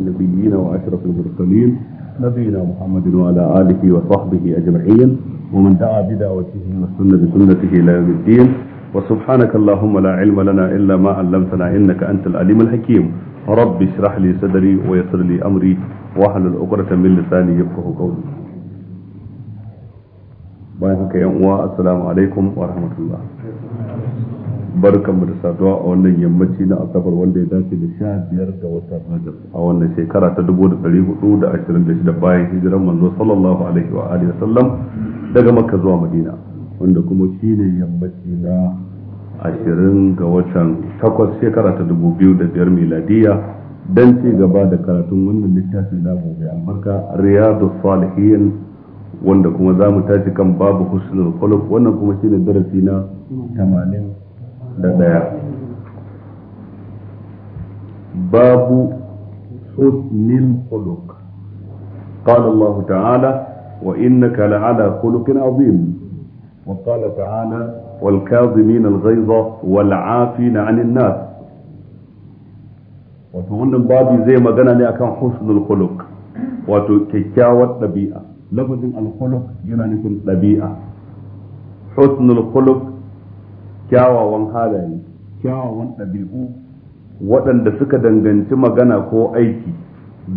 النبيين وأشرف المرسلين نبينا محمد وعلى آله وصحبه أجمعين ومن دعا بدعوته والسنة بسنته إلى يوم الدين وسبحانك اللهم لا علم لنا إلا ما علمتنا إنك أنت العليم الحكيم رب اشرح لي صدري ويسر لي أمري واحلل عقدة من لساني يفقه قولي bayan haka yan uwa assalamu alaikum wa rahmatullah mu da saduwa a wannan yammaci na asabar wanda ya dace da sha biyar ga watan rajab a wannan shekara ta dubu da ɗari hudu da ashirin da shida bayan hijiran manzo sallallahu alaihi wa alihi sallam daga makka zuwa madina wanda kuma shi ne yammaci na ashirin ga watan takwas shekara ta dubu biyu da biyar miladiya dan ci gaba da karatun wannan littafi na gobe albarka riyadu salihin wanda kuma za mu tashi kan babu husnul khuluq wannan kuma shine darasi na 80 da ɗaya babu husnil khuluq قال الله تعالى وإنك لعلى خلق عظيم وقال تعالى والكاظمين الغيظ والعافين عن الناس wato wannan babu zai magana ne akan husnul khuluq wato kyakkyawar ɗabi'a lafazin alkhuluq yana nufin ɗabi'a husnul kyawawan halaye kyawawan ɗabi'u waɗanda suka danganci magana ko aiki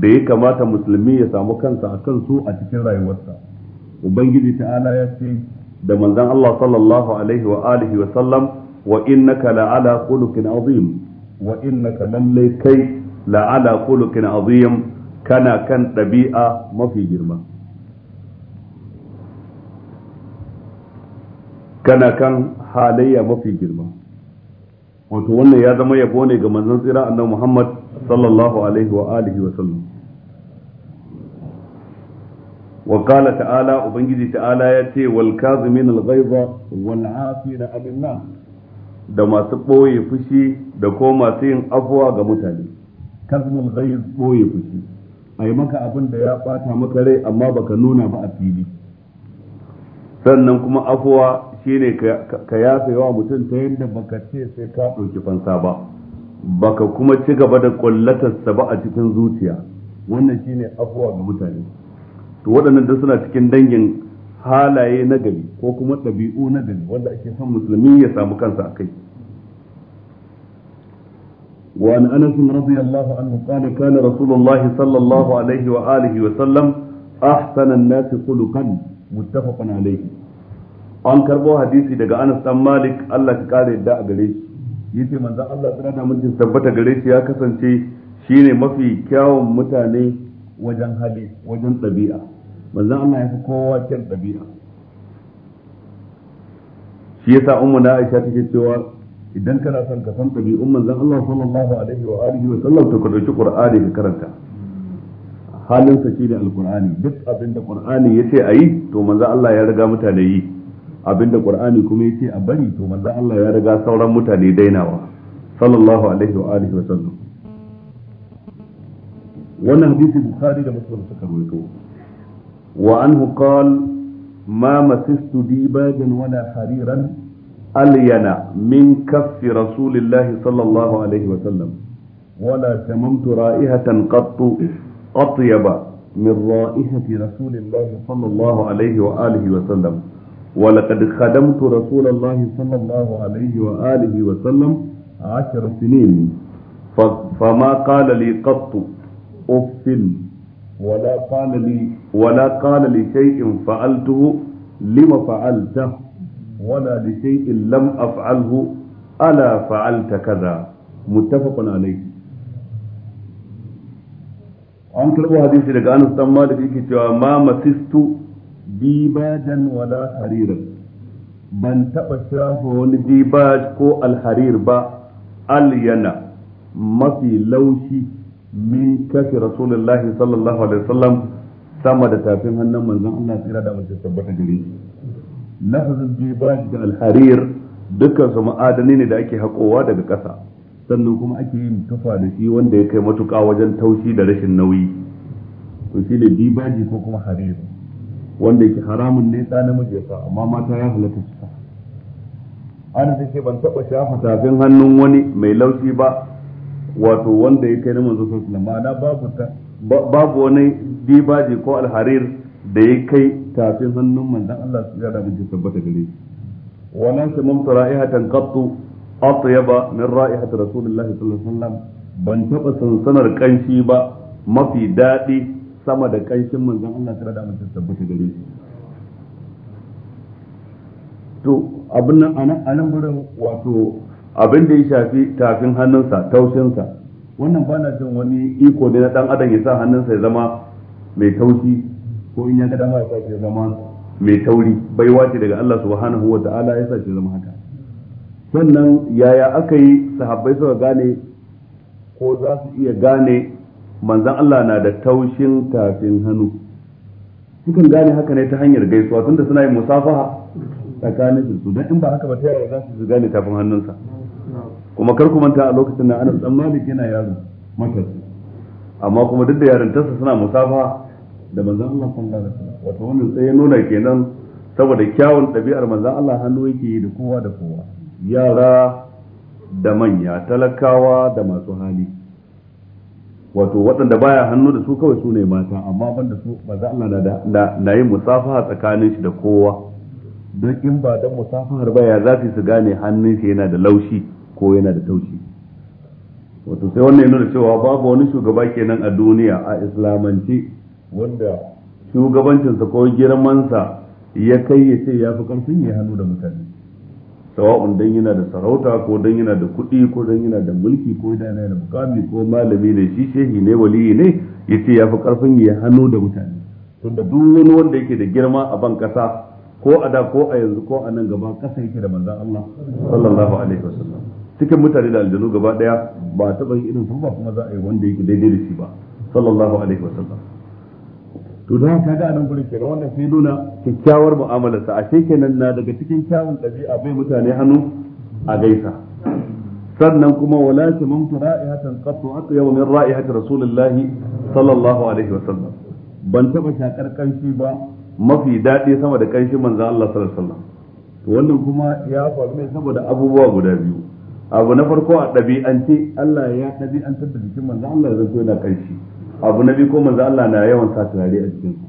da ya kamata musulmi ya samu kansa a kansu a cikin rayuwarsa ubangiji ta'ala ya ce da manzon Allah sallallahu alaihi wa alihi wa sallam wa innaka la'ala khuluqin azim wa innaka lallai kai la'ala khuluqin azim kana kan ɗabi'a mafi girma kana kan halayya mafi girma wato wannan ya zama yabo ne ga manzon tsira annabi Muhammad sallallahu alaihi wa alihi wa sallam wa qala ta'ala ubangiji ta'ala ya ce wal kazimin al ghaiza wal afina amin nas da masu boye fushi da ko masu yin afwa ga mutane kazmul ghaiz boye fushi ai maka abin da ya bata maka rai amma baka nuna ba a fili sannan kuma afwa shine ka yafe yawa mutum ta yadda baka ce sai ka ɗauki fansa ba baka kuma ci gaba da ƙwallatarsa ba a cikin zuciya wannan shine afuwa ga mutane to waɗannan da suna cikin dangin halaye na gari ko kuma ɗabi'u na gari wanda ake son musulmi ya samu kansa a kai وعن انس رضي الله عنه قال كان رسول الله صلى الله عليه واله وسلم احسن الناس خلقا متفق عليه an karbo hadisi daga Anas dan Malik Allah ka kare da a gare shi yace manzon Allah tsira da mun tabbata gare shi ya kasance shine mafi kyawun mutane wajen hali wajen ɗabi'a manzon Allah ya fi kowa cikin ɗabi'a shi yasa ummu na Aisha take cewa idan kana son ka san ɗabi'un manzon Allah sallallahu alaihi wa alihi wa sallam to ka dauki Qur'ani ka karanta halin sa shine alqur'ani duk abinda qur'ani yace ayi to manzon Allah ya riga mutane yi abinda qur'ani kuma yace a bari to manzo Allah ya riga sauran mutane dainawa sallallahu alaihi wa alihi wa sallam wannan hadisi bukhari da muslim suka rawaito wa anhu qal ma masistu dibajan wala hariran alyana min kaffi rasulillah sallallahu alaihi wa sallam ولا شممت رائحة قط أطيب من رائحة رسول الله صلى الله عليه وآله وسلم ولقد خدمت رسول الله صلى الله عليه وآله وسلم عشر سنين فما قال لي قط أف ولا قال لي ولا قال لشيء فعلته لم فعلته ولا لشيء لم أفعله ألا فعلت كذا متفق عليه an karɓo hadisi daga Anas dan Malik yake cewa ma masistu dibajan wala hariran ban taɓa shafa wani dibaj ko alharir ba alyana mafi laushi min kafi rasulullahi sallallahu alaihi wasallam sama da tafin hannun manzon Allah tsira da mace tabbata gare shi lafazin dibaj da alharir dukkan su ma'adani ne da ake haƙowa daga ƙasa sannan kuma ake yin tufa da shi wanda ya kai matuƙa wajen taushi da rashin nauyi to shi ne dibaji ko kuma harir wanda yake haramun ne da namiji ya amma mata ya halatta su sa ana take ban taba shafa tafin hannun wani mai laushi ba wato wanda ya kai na manzo sallallahu alaihi wasallam ma'ana babu ta babu wani dibaji ko alharir da ya kai tafin hannun manzon Allah su da mun tabbata gare shi wannan samamtu ra'ihatan qattu atyaba min ra'ihati rasulillahi sallallahu alaihi wasallam ban taba sansanar kanshi ba mafi daɗi sama da ƙanshin manzon Allah tare da mutum tabbata gare shi to abin nan anan anan burin wato abin da ya shafi tafin hannunsa taushinsa wannan ba na jin wani iko ne na dan adam ya sa hannunsa ya zama mai taushi ko in ya ga dama ya sa zama mai tauri baiwa ce daga Allah subhanahu wa ta'ala ya sa shi zama haka sannan yaya aka yi sahabbai suka gane ko za su iya gane manzan Allah na da taushin tafin hannu sukan gane haka ne ta hanyar gaisuwa tunda suna yin musafaha tsakanin su don in ba haka ba ta yawa za su gane tafin hannunsa kuma kar ku manta a lokacin na Anas dan Malik yana yaro matashi amma kuma duk da yarintarsa suna musafaha da manzan Allah sallallahu alaihi wasallam wato wannan sai ya nuna kenan saboda kyawun ɗabi'ar manzan Allah hannu yake yi da kowa da kowa yara da manya talakawa da masu hali wato waɗanda baya hannu da su kawai su ne mata amma banda su maza Allah na na yin musafaha tsakanin shi da kowa don in ba dan musafahar ba ya zafi su gane hannun shi yana da laushi ko yana da taushi wato sai wannan yana da cewa babu wani shugaba kenan a duniya a islamance wanda shugabancinsa ko girmansa ya kai ya ce ya fi karfin ya hannu da mutane sawa'un dan yana da sarauta ko dan yana da kuɗi ko dan yana da mulki ko dan yana da mukami ko malami ne shi shehi ne waliyi ne yace ya fi karfin ya hannu da mutane tunda duk wani wanda yake da girma a ban kasa ko a da ko a yanzu ko a nan gaba kasa yake da manzon Allah sallallahu alaihi wasallam cikin mutane da aljanu gaba daya ba taɓa yin irin su ba kuma za a yi wanda yake daidai da shi ba sallallahu alaihi wasallam to don ka ga nan gurin kenan wannan sai nuna kyakkyawar mu'amalarsa a ashe kenan na daga cikin kyawun ɗabi'a bai mutane hannu a gaisa sannan kuma wala tamamtu ra'ihatan qattu hatta yawm min ra'ihati rasulullahi sallallahu alaihi wasallam ban taba shakar kanshi ba mafi daɗi sama da kanshi manzo Allah sallallahu alaihi wasallam wannan kuma ya faru ne saboda abubuwa guda biyu abu na farko a ɗabi'ance Allah ya ɗabi'antar da jikin manzo Allah ya zanto yana kanshi abu na biyu ko manzo Allah na yawan sa turare a cikin su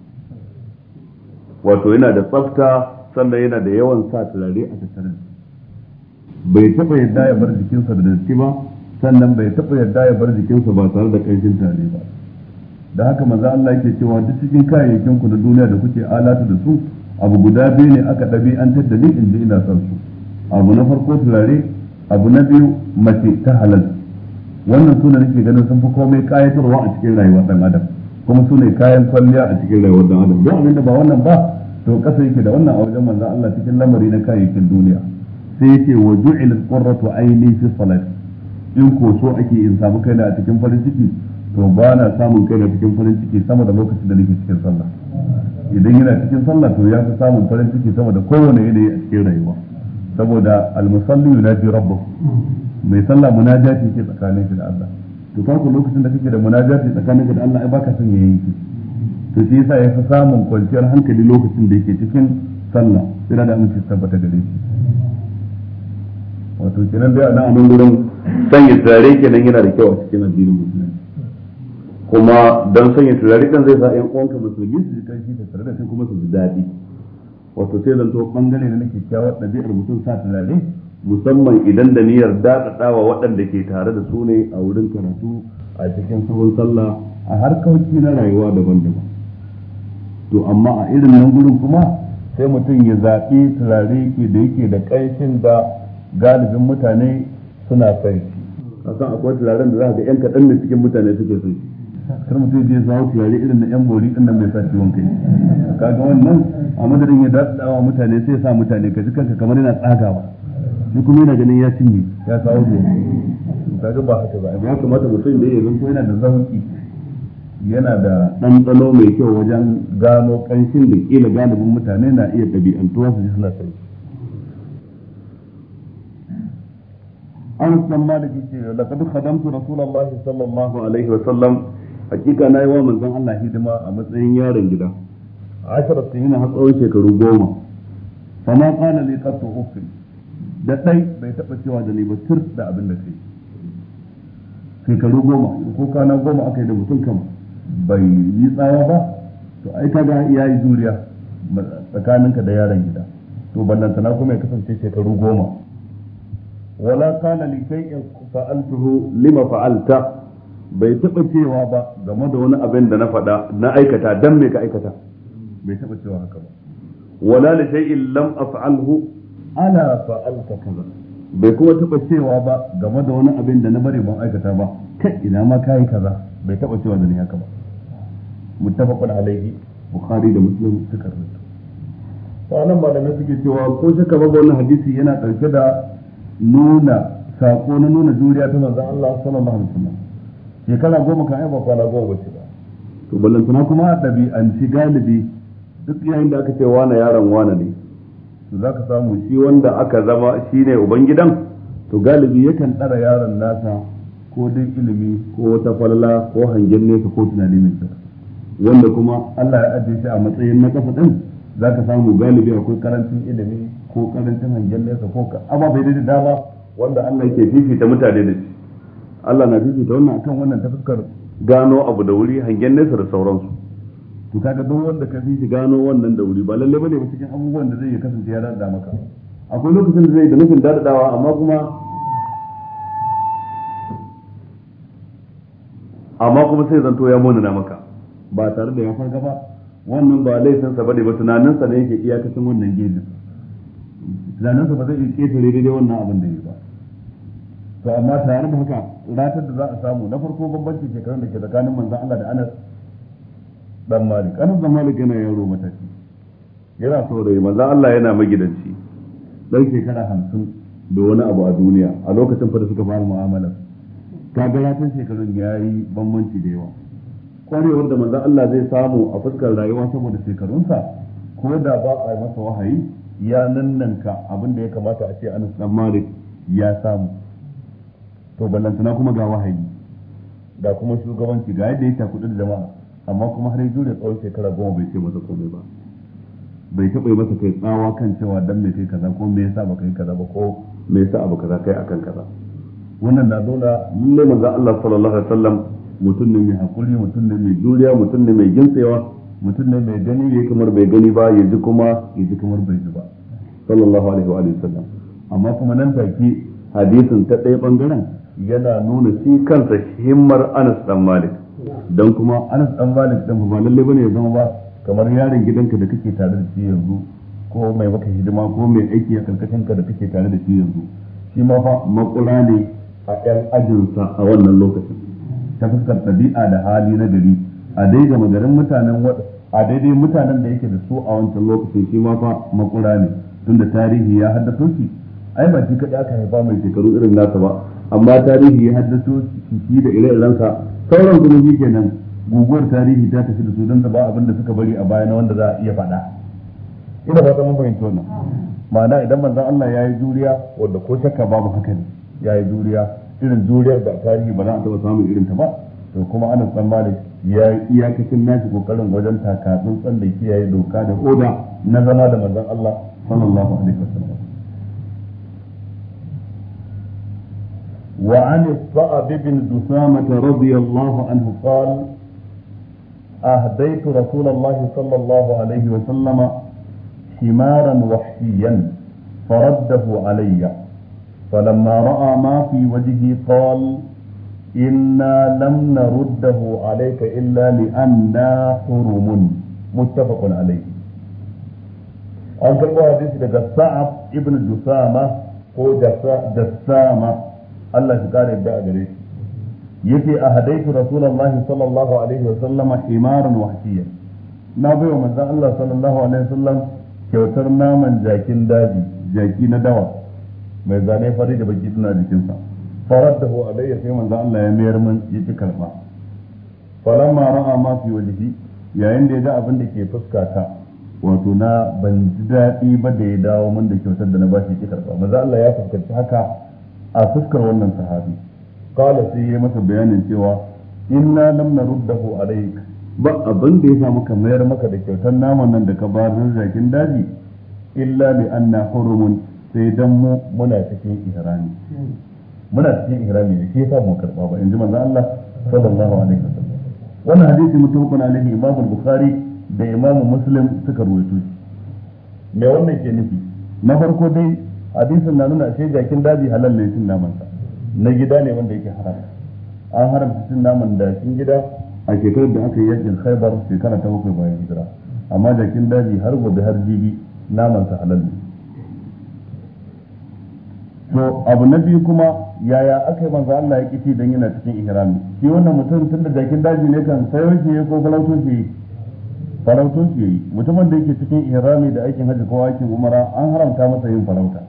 wato yana da tsafta sannan yana da yawan sa turare a tattarin bai taɓa yadda ya bar jikinsa da datti ba sannan bai taɓa yadda ya bar jikinsa ba tare da ƙarfin tare ba da haka maza Allah yake cewa duk cikin kayayyakin ku na duniya da kuke alatu da su abu guda biyu ne aka ɗabi an tattali inda ina son su abu na farko turare abu na biyu mace ta halal wannan suna nake ganin sun fi komai kayatarwa a cikin rayuwar dan adam kuma su kayan kwalliya a cikin rayuwar dan adam don abinda ba wannan ba to kasa yake da wannan a wajen manzan Allah cikin lamari na kayayyakin duniya sai yake wa ju'il qurratu aini fi salati in ko so ake in samu kaina a cikin farin ciki to ba na samun kaina cikin farin ciki sama da lokacin da nake cikin sallah idan yana cikin sallah to ya fi samun farin ciki sama da kowane yanayi a cikin rayuwa saboda al-musalli yunaji rabbahu mai sallah munajati ke tsakanin shi da Allah to farko lokacin da kake da munajati tsakanin ka da Allah ai baka son ya yanki to shi yasa ya fi samun kwanciyar hankali lokacin da yake cikin sallah sai da aminci tabbata gare shi wato kenan dai a nan gurin sanya turare kenan yana da kyau a cikin addinin musulunci kuma don sanya turare kan zai sa ƴan uwanka musulmi su ji kanshi da tare da sai kuma su ji daɗi wato sai zanto bangare da na kyakkyawar ɗabi'ar mutum sa turare musamman idan da niyyar dakatawa waɗanda ke tare da su ne a wurin karatu a cikin sahun sallah a harkoki na rayuwa daban-daban to amma a irin nan gurin kuma sai mutum ya zaɓi turare ke da yake da ƙanshin da galibin mutane suna son shi san akwai turaren da za ka ga yan kaɗan ne cikin mutane suke son shi kar mutum ya sawo turare irin na yan bori ɗin nan mai sa ciwon kai kaga wannan a madadin ya dasa mutane sai ya sa mutane ka ji kanka kamar yana tsagawa shi kuma yana ganin ya cinye ya kawo da kaga ba haka ba ya kamata mutum da ya yana da zauki yana da ɗanɗano mai kyau wajen gano ƙanshin da ƙila galibin mutane na iya ɗabi'antuwa su ji suna sai an san maliki ce laqad khadamtu rasulullah sallallahu alaihi wa sallam hakika yi wa manzon Allah hidima a matsayin yaron gida 10 sanina har tsawon shekaru goma fama qala li qattu da ɗai bai taɓa cewa da ni ba tur da abin da kai shekaru goma ko kana goma aka yi da mutum kan bai yi tsaya ba to ai kaga ya yi juriya tsakaninka da yaron gida to na kuma ya kasance shekaru goma wala kana li shay'in fa'altuhu lima fa'alta bai taɓa cewa ba game da wani abin da na faɗa na aikata dan me ka aikata bai taɓa cewa haka ba wala li in lam af'alhu ana fa'alta kaza bai kuma taba cewa ba game da wani abin da na bari ban aikata ba kai ina ma kai kaza bai taba cewa da ni haka ba muttafaqun alaihi bukhari da muslim suka rubuta to anan na suke cewa ko shaka ba wannan hadisi yana ɗauke da nuna sako na nuna juriya ta manzon Allah sallallahu alaihi wasallam shekara goma kan aiba kwana goma ba to ballantana kuma a shi galibi duk yayin da aka ce wane yaron wane ne to ka samu shi wanda aka zama shi ne ubangidan to galibi yakan tsara yaron nasa ko din ilimi ko wata falala ko hangen nesa ko tunani mai kyau wanda kuma Allah ya ajiye shi a matsayin na kasa din ka samu galibi akwai karancin ilimi ko karancin hangen nesa ko ka amma bai da dama wanda Allah yake fifita mutane da shi Allah na fifita wannan akan wannan ta gano abu da wuri hangen nesa da sauransu to kaga duk wanda ka fi gano wannan da wuri ba lalle bane ba cikin abubuwan da zai ya kasance ya dada maka akwai lokacin da zai da nufin dadadawa amma kuma amma kuma sai zanto ya munana maka ba tare da ya farga ba wannan ba laifinsa bane ba tunaninsa ne yake iyakacin wannan tunanin tunaninsa ba zai iya ketare daidai wannan abin da ya ba to amma tare da haka ratar da za a samu na farko bambancin shekarun da ke tsakanin manzon Allah da Anas dan malik anas dan malik yana yaro matashi yana saurayi manzo Allah yana magidanci dan shekara 50 da wani abu a duniya a lokacin fa da suka fara mu'amala kaga ya san shekarun yayi bambanci da yawa kwarewar da manzo Allah zai samu a fuskar rayuwa saboda shekarunsa ko da ba a masa wahayi ya nannanka abin da ya kamata a ce Anas dan Malik ya samu to ballantana kuma ga wahayi Da kuma shugabanci ga yadda ya takudu da jama'a amma kuma har yi jure tsawon shekara goma bai ce masa komai ba bai taɓa yi masa kai tsawa kan cewa dan me kai kaza ko me yasa baka kaza ba ko me yasa abu kaza kai akan kaza wannan na nuna lalle manzo Allah sallallahu alaihi wasallam mutum ne mai hakuri mutum ne mai juriya mutum ne mai gintsewa mutum ne mai gani ya kamar bai gani ba ya ji kuma ya ji kamar bai ji ba sallallahu alaihi wa sallam amma kuma nan take hadisin ta ɗaya bangaren yana nuna shi kansa himmar Anas dan Malik Don kuma Anas dan Malik dan ba lalle bane ya zama ba kamar yaron gidanka da kake tare da shi yanzu ko mai maka hidima ko mai aiki a karkashin ka da kake tare da shi yanzu shi ma fa makula ne a ƴan ajinsa a wannan lokacin ta fuskar ɗabi'a da hali na gari a daidai magarin mutanen a daidai mutanen da yake da su a wancan lokacin shi ma fa makula ne tunda tarihi ya haddace shi ai ba shi kaɗai aka haifa mai shekaru irin nasa ba amma tarihi ya haddace shi da ire-irensa sauran kuma shi kenan guguwar tarihi ta tafi da su don da abinda suka bari a baya na wanda za a iya faɗa ina ba mun ma'ana idan manzan Allah ya yi juriya wanda ko shakka babu haka ne ya yi juriya irin juriyar da tarihi ba za a taɓa samun irin ta ba to kuma ana tsammani ya yi iyakacin nashi kokarin wajen takatsun tsan da kiyaye doka da oda na zama da manzon Allah sallallahu alaihi wasallam وعن الصعب بن دسامة رضي الله عنه قال أهديت رسول الله صلى الله عليه وسلم حمارا وحشيا فرده علي فلما رأى ما في وجهي قال إنا لم نرده عليك إلا لأننا حرم متفق عليه أنت الله حديث daga sa'ab ibn dusama ko Allah shi kare yadda a gare shi yake a hadaitu rasulullahi sallallahu alaihi wa sallam himaran wahshiya na bai wa manzon Allah sallallahu alaihi wa kyautar naman jakin daji jaki na dawa mai zane fari da baki suna sa faraddahu alayya sai manzon Allah ya mayar min yace karba falamma ra'a ma fi wajhi yayin da ya ga abin da ke fuskata wato na ban ji daɗi ba da ya dawo mun da kyautar da na bashi ki karba manzon Allah ya fuskanci haka a fuskar wannan sahabi kala sai ya masa bayanin cewa inna lam naruddahu alayk ba abin da ya samu muka mayar maka da kyautar naman nan da ka ba zakin daji illa bi anna hurumun sai dan mu muna cikin ihrami muna cikin ihrami ne ke yasa mu karba ba inji manzo Allah sallallahu alaihi wasallam wannan hadisi mutumkun alaihi imamu bukhari da imamu muslim suka ruwaito shi me wannan ke nufi na farko dai hadisin na nuna ashe jakin daji halal ne cin naman na gida ne wanda yake haram an haramta cin naman dakin gida a shekarar da aka yi yakin khaibar shekara ta bakwai bayan hijira amma jakin daji har gobe har jibi naman sa halal ne to abu na biyu kuma yaya aka yi manzo Allah ya kici dan yana cikin ihrami shi wannan mutum tun da jakin daji ne kan sayo shi ko falautun shi farauto shi mutumin da yake cikin ihrami da aikin hajji ko aikin umara an haramta masa yin farauta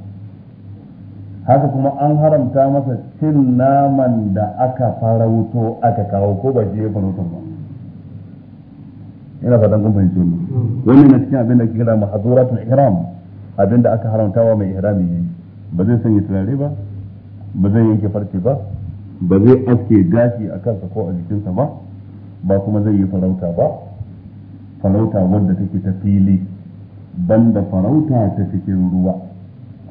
haka kuma an haramta masa cin naman da aka fara wuto aka kawo ko ba shi ya farautan ba ina fatan kun fahimci mu wannan mm. na cikin abin da ake kira mahzuratul ihram abin da aka haramta wa mai ihrami ne ba zai sanya turare ba ba zai yanke farce ba ba zai aske gashi a kansa ko a jikinsa ba ba kuma zai yi farauta ba farauta wanda take ta fili banda farauta ta cikin ruwa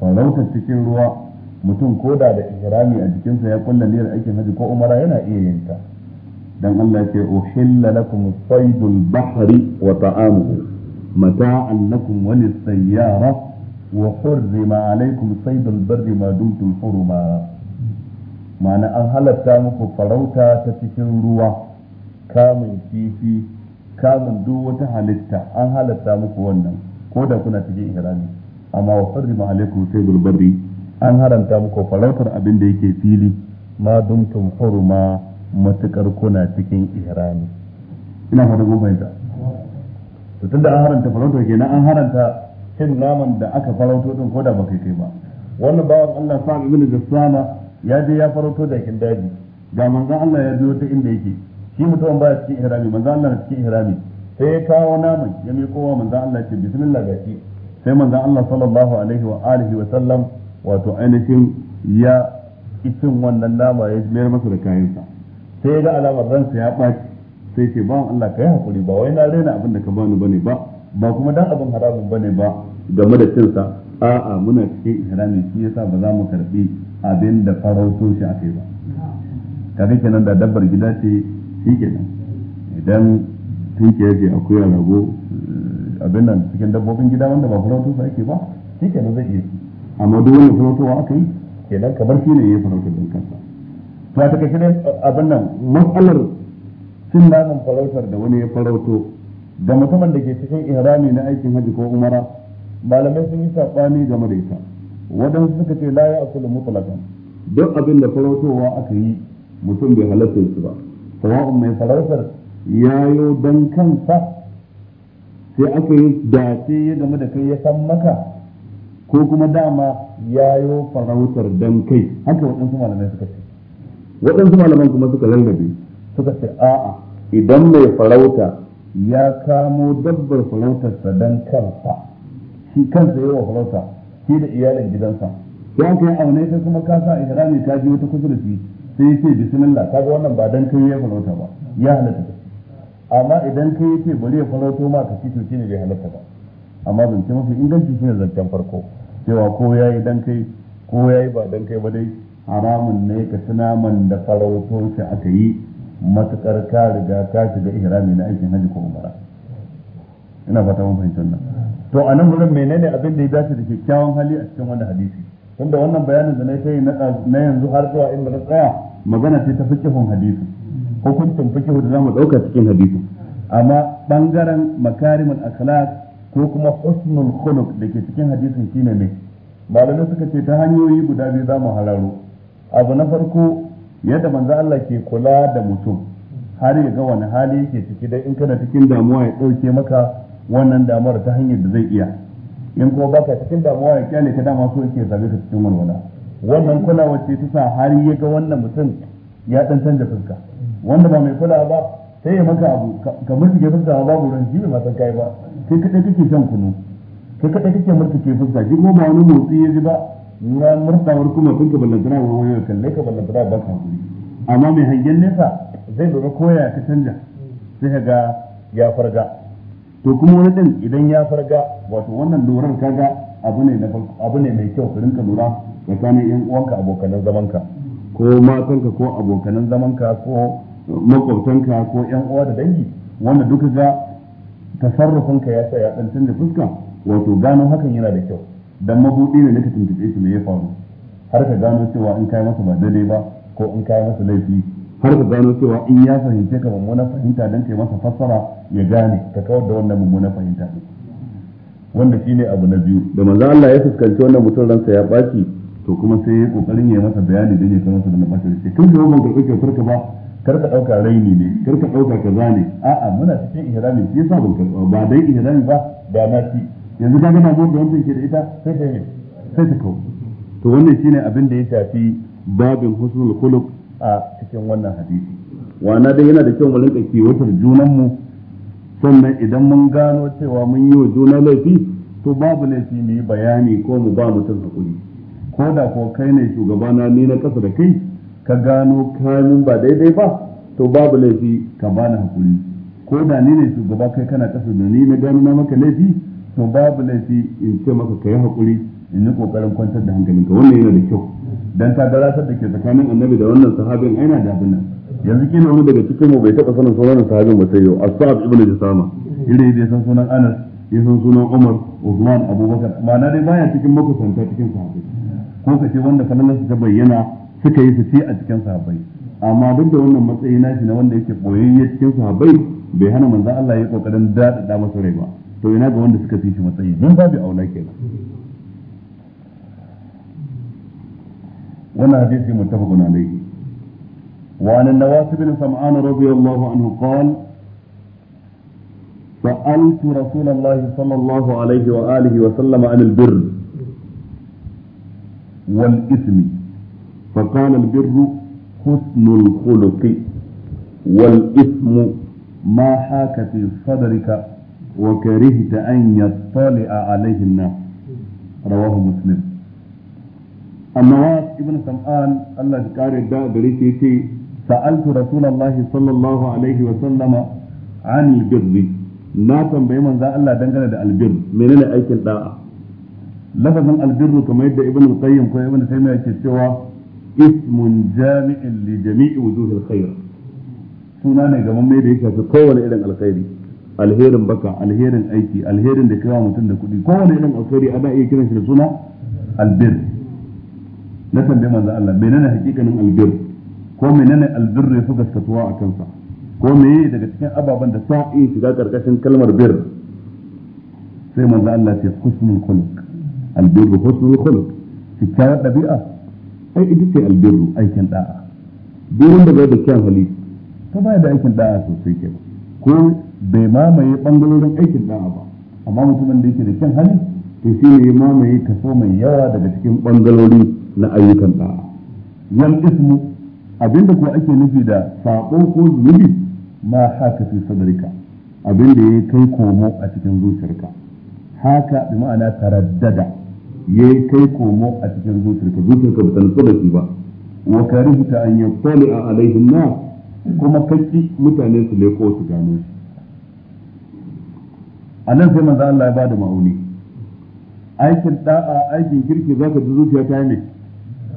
farautar cikin ruwa mutum ko da da ihrami a jikinsa ya kulla niyyar aikin haji ko umara yana iya yanka. ta dan Allah ya ce uhilla lakum saydul bahri wa ta'amuhu mata'an lakum wa lis-sayyara wa hurrima alaykum saydul barri ma dumtum huruma ma'ana an halatta muku farauta ta cikin ruwa kamun kifi kamun duk wata halitta an halatta muku wannan ko da kuna cikin ihrami amma wa hurrima alaykum saydul barri an haranta muku farautar abin da yake fili ma dumtum hurma matukar kuna cikin ihrami ina fata kun da to tunda an haranta farautar kenan an haranta cin naman da aka farauto din ko da ba kai kai ba wannan bawan Allah sa ibn Jassama ya je ya farauto kin daji ga manzon Allah ya biyo ta inda yake shi mutum ba cikin ihrami manzon Allah na cikin ihrami sai ya kawo naman ya miƙo wa manzon Allah ce bismillah gashi sai manzon Allah sallallahu alaihi wa alihi wa sallam wato ainihin ya cin wannan nama ya mayar masa da kayansa sai ya ga alamar ransa ya ɓaci sai ce ba Allah ka yi hakuri ba wai na raina abin da ka bani bane ba ba kuma dan abin haramun bane ba game da cinsa a'a muna cikin ihrami shi yasa ba za mu karbi abin da farauto shi akai ba kaga kenan da dabbar gida ce shi kenan idan tun ke yaje akwai rago eh, abin nan cikin dabbobin gida wanda ba farauto su ke ba shi kenan zai iya amma duk wani farautowa aka yi kenan kamar shi ne ya fara farautar din kansa to a takaice ne abin nan matsalar cin naman farautar da wani ya farauto da mutumin da ke cikin ihrami na aikin haji ko umara malamai sun yi saɓani game da ita wadansu suka ce la ya akulu mutlaqan duk abin da farautowa aka yi mutum bai halatta su ba sawa'un mai farautar yayo dan kansa sai aka yi dace ya game da kai ya san maka ko kuma dama ya yayo farautar dan kai haka waɗansu malamai suka ce waɗansu malaman kuma suka lallabe suka ce a'a idan mai farauta ya kamo dabbar farautarsa dan kansa shi kansa yawa farauta shi da iyalin gidansa ya kai aune sai kuma ka sa ihrami ta ji wata kusa da shi sai ya ce bismillah kaga wannan ba dan kai ya farauta ba ya halatta amma idan kai ya ce bari ya farauto ma ka ci to ne bai halatta ba amma zance mafi inganci ne zancen farko cewa ko ya yi dan kai ko ya yi ba dan kai ba dai haramun ne ka naman da farauto shi aka yi matukar ka riga ka shiga ihrami na aikin haji ko umara ina fata mun fahimta wannan to a nan wurin menene abin da ya dace da kyakkyawan hali a cikin wannan hadisi tunda wannan bayanin da na yi na yanzu har zuwa inda na tsaya magana ce ta fikihun hadisi hukuncin fikihu da zamu dauka cikin hadisi amma bangaren makarimul akhlaq ko kuma husnul khuluq da ke cikin hadisin shine ne malamai suka ce ta hanyoyi guda biyu za mu hararo abu na farko yadda manzo Allah ke kula da mutum har ya ga wani hali yake ciki dai in kana cikin damuwa ya dauke maka wannan damuwar ta hanyar da zai iya in kuma baka cikin damuwa ya kyale ka dama so yake zabe ka cikin walwala wannan kulawa ce ta sa har ya ga wannan mutum ya dan canza fuska wanda ba mai kula ba sai ya maka abu ka ya fuska ba babu ran jibi ma san kai ba kai kaɗai kake shan kunu kai kaɗai kake ke fuska shi kuma ba wani motsi ya ji ba na murtawar kuma kun ka ballantana wa wani kalle ka ballantana ba ka amma mai hangen nesa zai lura koya ta canja sai ka ga ya farga to kuma wani ɗin idan ya farga wato wannan lurar kaga abu ne abu ne mai kyau ka rinka lura tsakanin yan uwanka abokanan zamanka ko matanka ko abokanan zamanka ko makwabtanka ko yan uwa da dangi wanda duka ga tasarrufinka ya sa ya dan canza fuska wato gano hakan yana da kyau dan mabudi ne nake tuntube shi me ya faru har ka gano cewa in kai masa ba daidai ba ko in kai masa laifi har ka gano cewa in ya fahimce ka mummunan fahimta dan kai masa fassara ya gane ka kawar da wannan mummunan fahimta din wanda shine abu na biyu da manzo Allah ya fuskanci wannan mutum ransa ya baci to kuma sai ya kokarin ya masa bayani dan ya sanar da na bashi sai kun ga ban karɓi kyautar ka ba kar ka ɗauka raini ne kar ka kaza ne a'a muna cikin ihrami shi yasa ban karɓa ba dai ihrami ba da na ci yanzu ka gana gobe wanda ke da ita sai ta sai ta kawo to wannan shine abin da ya shafi babin husnul khuluq a cikin wannan hadisi wana dai yana da kyau mu rinka kiwatar junan mu sannan idan mun gano cewa mun yi wa juna laifi to babu laifi mu yi bayani ko mu ba mutum hakuri ko da ko kai ne shugabana ni na kasa da kai ka gano kayan ba daidai ba to babu laifi ka bani hakuri ko da ni ne shugaba kai kana kasa da ni na gano na maka laifi to babu laifi in ce maka kai hakuri in yi kokarin kwantar da hankalinka wannan yana da kyau dan ta garasar da ke tsakanin annabi da wannan sahabin aina da abin nan yanzu kina wani daga cikin mu bai taba sanin sunan sahabin ba sai yau as-sa'ab ibn jisama irin da san sunan Anas ya san sunan Umar Uthman Abubakar na dai baya cikin makusanta cikin sahabbai ko ka kace wanda kana su ta bayyana suka yi su ce a cikin sahabbai amma duk da wannan matsayi na shi na wanda yake boyayye cikin sahabbai bai hana manzo Allah ya kokarin dadada masa rai ba to ina ga wanda suka fi shi matsayi dan babu aula kenan wannan hadisi muttafaqun alayhi wa an nawas bin sam'an radiyallahu anhu qala سألت رسول الله صلى الله عليه وآله وسلم عن البر والإثم فقال البر حسن الخلق والإثم ما حاك في صدرك وكرهت أن يطلع عليه الناس رواه مسلم النواس ابن سمعان الله كاري دا بريتي سألت رسول الله صلى الله عليه وسلم عن البر na tambayi manzan Allah dangane da albir menene aikin da'a lafazin albirru kamar yadda ibn qayyim ko ibn taymiya ke cewa اسم جامع لجميع وجوه الخير suna ne gaban mai da ya shafi kowane irin alkhairi alherin baka alherin aiki alherin da kira mutum da kuɗi kowane irin alkhairi ana iya kiran shi da suna albir na tambaye manzo Allah menene hakikanin albir ko menene albir ne suka kasuwa a kansa ko meye daga cikin ababen da sa iya shiga karkashin kalmar bir sai manzo Allah ya ce husnul khuluq albir husnul khuluq kyakkyawar ɗabi'a ai ita ce albirru aikin da'a birin wanda bai da kyan hali ta baya da aikin da'a sosai ke ko bai mamaye bangarorin aikin da'a ba amma mutumin da yake da kyan hali to shi ne mamaye kaso mai yawa daga cikin bangarori na ayyukan da'a yan ismu abinda ko ake nufi da sako ko zunubi ma haka fi sadarka abinda ya kai komo a cikin zuciyarka haka bi ma'ana taraddada ya yi kai komo a cikin zuciyarka zuciyarka ba ta nutsu da shi ba wa ta an tsali a alaihin na kuma kaki mutane su leko su gano shi a nan sai manzo Allah ya ba da ma'auni aikin da'a aikin kirki ka ji zuciya ta ne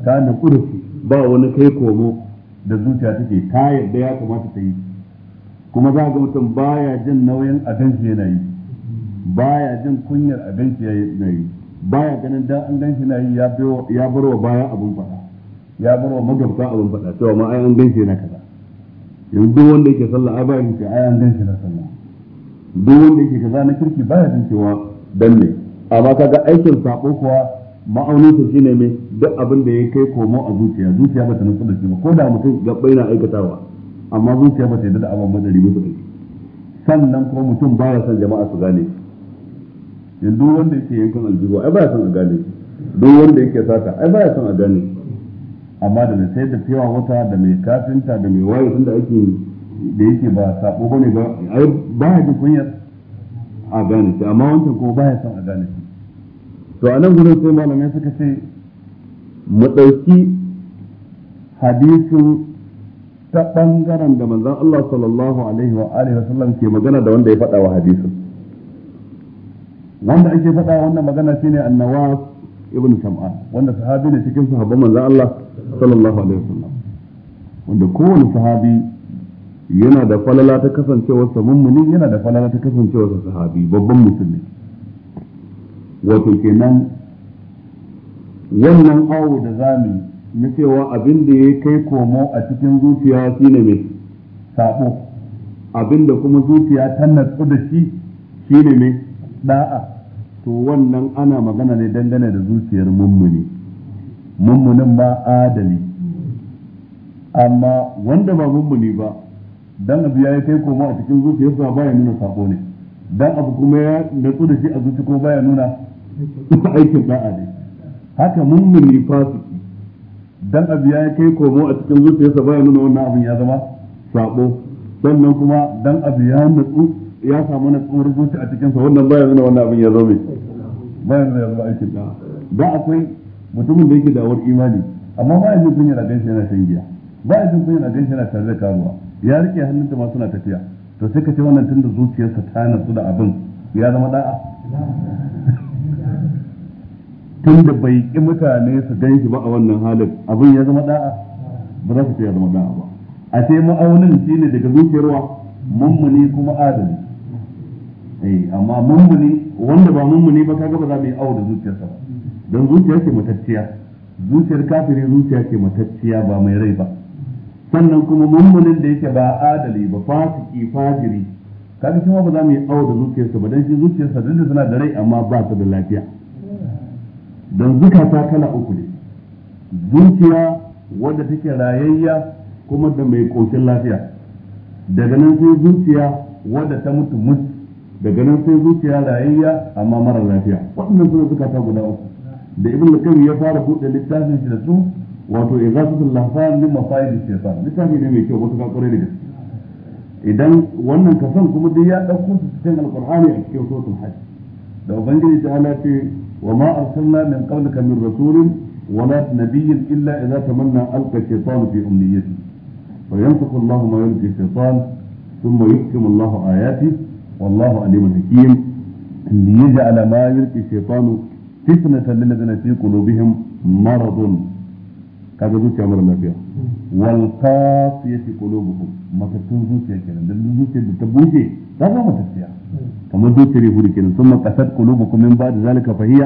ta na kurfi ba wani kai komo da zuciya take ta yadda ya kamata ta yi kuma za ga mutum baya jin nauyin abinci yana yi baya jin kunyar abinci yana yi baya ganin da an gan shi na yi ya barwa baya abin faɗa ya barwa magabta abin faɗa cewa ma ai an gan shi na kaza yanzu duk wanda yake sallah a bayan ce ai an gan shi na sallah duk wanda yake kaza na kirki baya jin cewa dan ne amma kaga aikin sako kuwa ma'aunin sa shine mai duk abin da ya kai komo a zuciya zuciya ba ta nutsu da shi ba ko da mutum gabbai na aikatawa amma zuciya ba ta yarda da abin madari ba su sannan kuma mutum baya son jama'a su gane yanzu wanda yake yankan aljihu ai baya son a gane duk wanda yake sata ai baya son a gane amma da sai da fiwa wata da mai kafinta da mai wayo tunda ake da yake ba sabo bane ba ai baya jin kunyar a gane shi amma wancan kuma baya son a gane shi to a nan sai malamai suka ce mu ɗauki hadisin ta ɓangaren da manzon Allah sallallahu alaihi wa alihi wasallam ke magana da wanda ya faɗa wa hadisin wanda ake faɗa wannan magana shine annawas ibn sam'a wanda sahabi ne cikin sahabban manzon Allah sallallahu alaihi wasallam wanda kowane sahabi yana da falala ta kasance sa mummuni yana da falala ta kasance sa sahabi babban musulmi wato kenan wannan awo da zami na cewa abin da ya kai komo a cikin zuciya shine mai sabo abin da kuma zuciya ta natsu da shi shine mai da'a to wannan ana magana ne dangane da zuciyar mummuni mummunin ba adali amma wanda ba mummuni ba dan abu ya yi kai koma a cikin zuciyarsa ba ya nuna sabo ne dan abu kuma ya natsu da shi a zuci ko ba ya nuna aikin da'a ne haka mummuni fasiki dan abu ya yi kai koma a cikin zuciyarsa ba ya nuna wannan abin ya zama sabo sannan kuma dan abu ya natsu ya samu na tsohon rubuci a cikinsa wannan baya zuna wannan abin ya zo mai baya zuna ya zama aikin da ba akwai mutumin da yake dawar imani amma ba ya jin kunya na ganshi yana shan giya ba ya jin kunya na ganshi yana tare da karuwa ya rike hannunta ma suna tafiya to sai ka ce wannan tun da zuciyarsa ta nasu da abin ya zama da'a tun da bai ƙi mutane su ganshi ba a wannan halin abin ya zama da'a ba za su ce ya zama da'a ba a ce ma'aunin shine daga zuciyarwa mummuni kuma adali eh amma mummuni wanda ba mummuni ba kaga ba za mu yi awo da zuciyarsa ba don zuciya ce matacciya zuciyar kafiri zuciya ce matacciya ba mai rai ba sannan kuma mummunin da yake ba adali ba fasiki fajiri kaga kuma ba za mu yi awo da zuciyarsa ba Don shi zuciyarsa duk da suna da rai amma ba su da lafiya don zukata kala uku ne zuciya wadda take rayayya kuma da mai koshin lafiya daga nan sai zuciya wadda ta mutu mutu daga nan sai zuciya rayayya amma mara lafiya waɗannan suna ta guda uku da ibn al ya fara buɗe littafin shi da su wato igasatul lahfan min masaid shaytan littafi ne mai kyau wata kakure da gaske idan wannan kasan kuma dai ya ɗauko su cikin alqur'ani a cikin suratul hajj da ubangiji ta ala ce wa ma arsalna min qablika min rasulin wala nabiyyin illa idza tamanna alqa shaytanu fi umniyati fa yanfaqu Allahu ma yulqi shaytan thumma yuhkimu Allahu ayatihi والله عليم حكيم ليجعل ما يلقي الشيطان فتنة للذين في قلوبهم مرض كذا زوج يا مرة فيها والقافية قلوبهم ما تتوزوك يا كلام لأن زوج يا يا هذا ما تتوزوك كما زوج يا ريفوري كلام ثم قسد قلوبكم من بعد ذلك فهي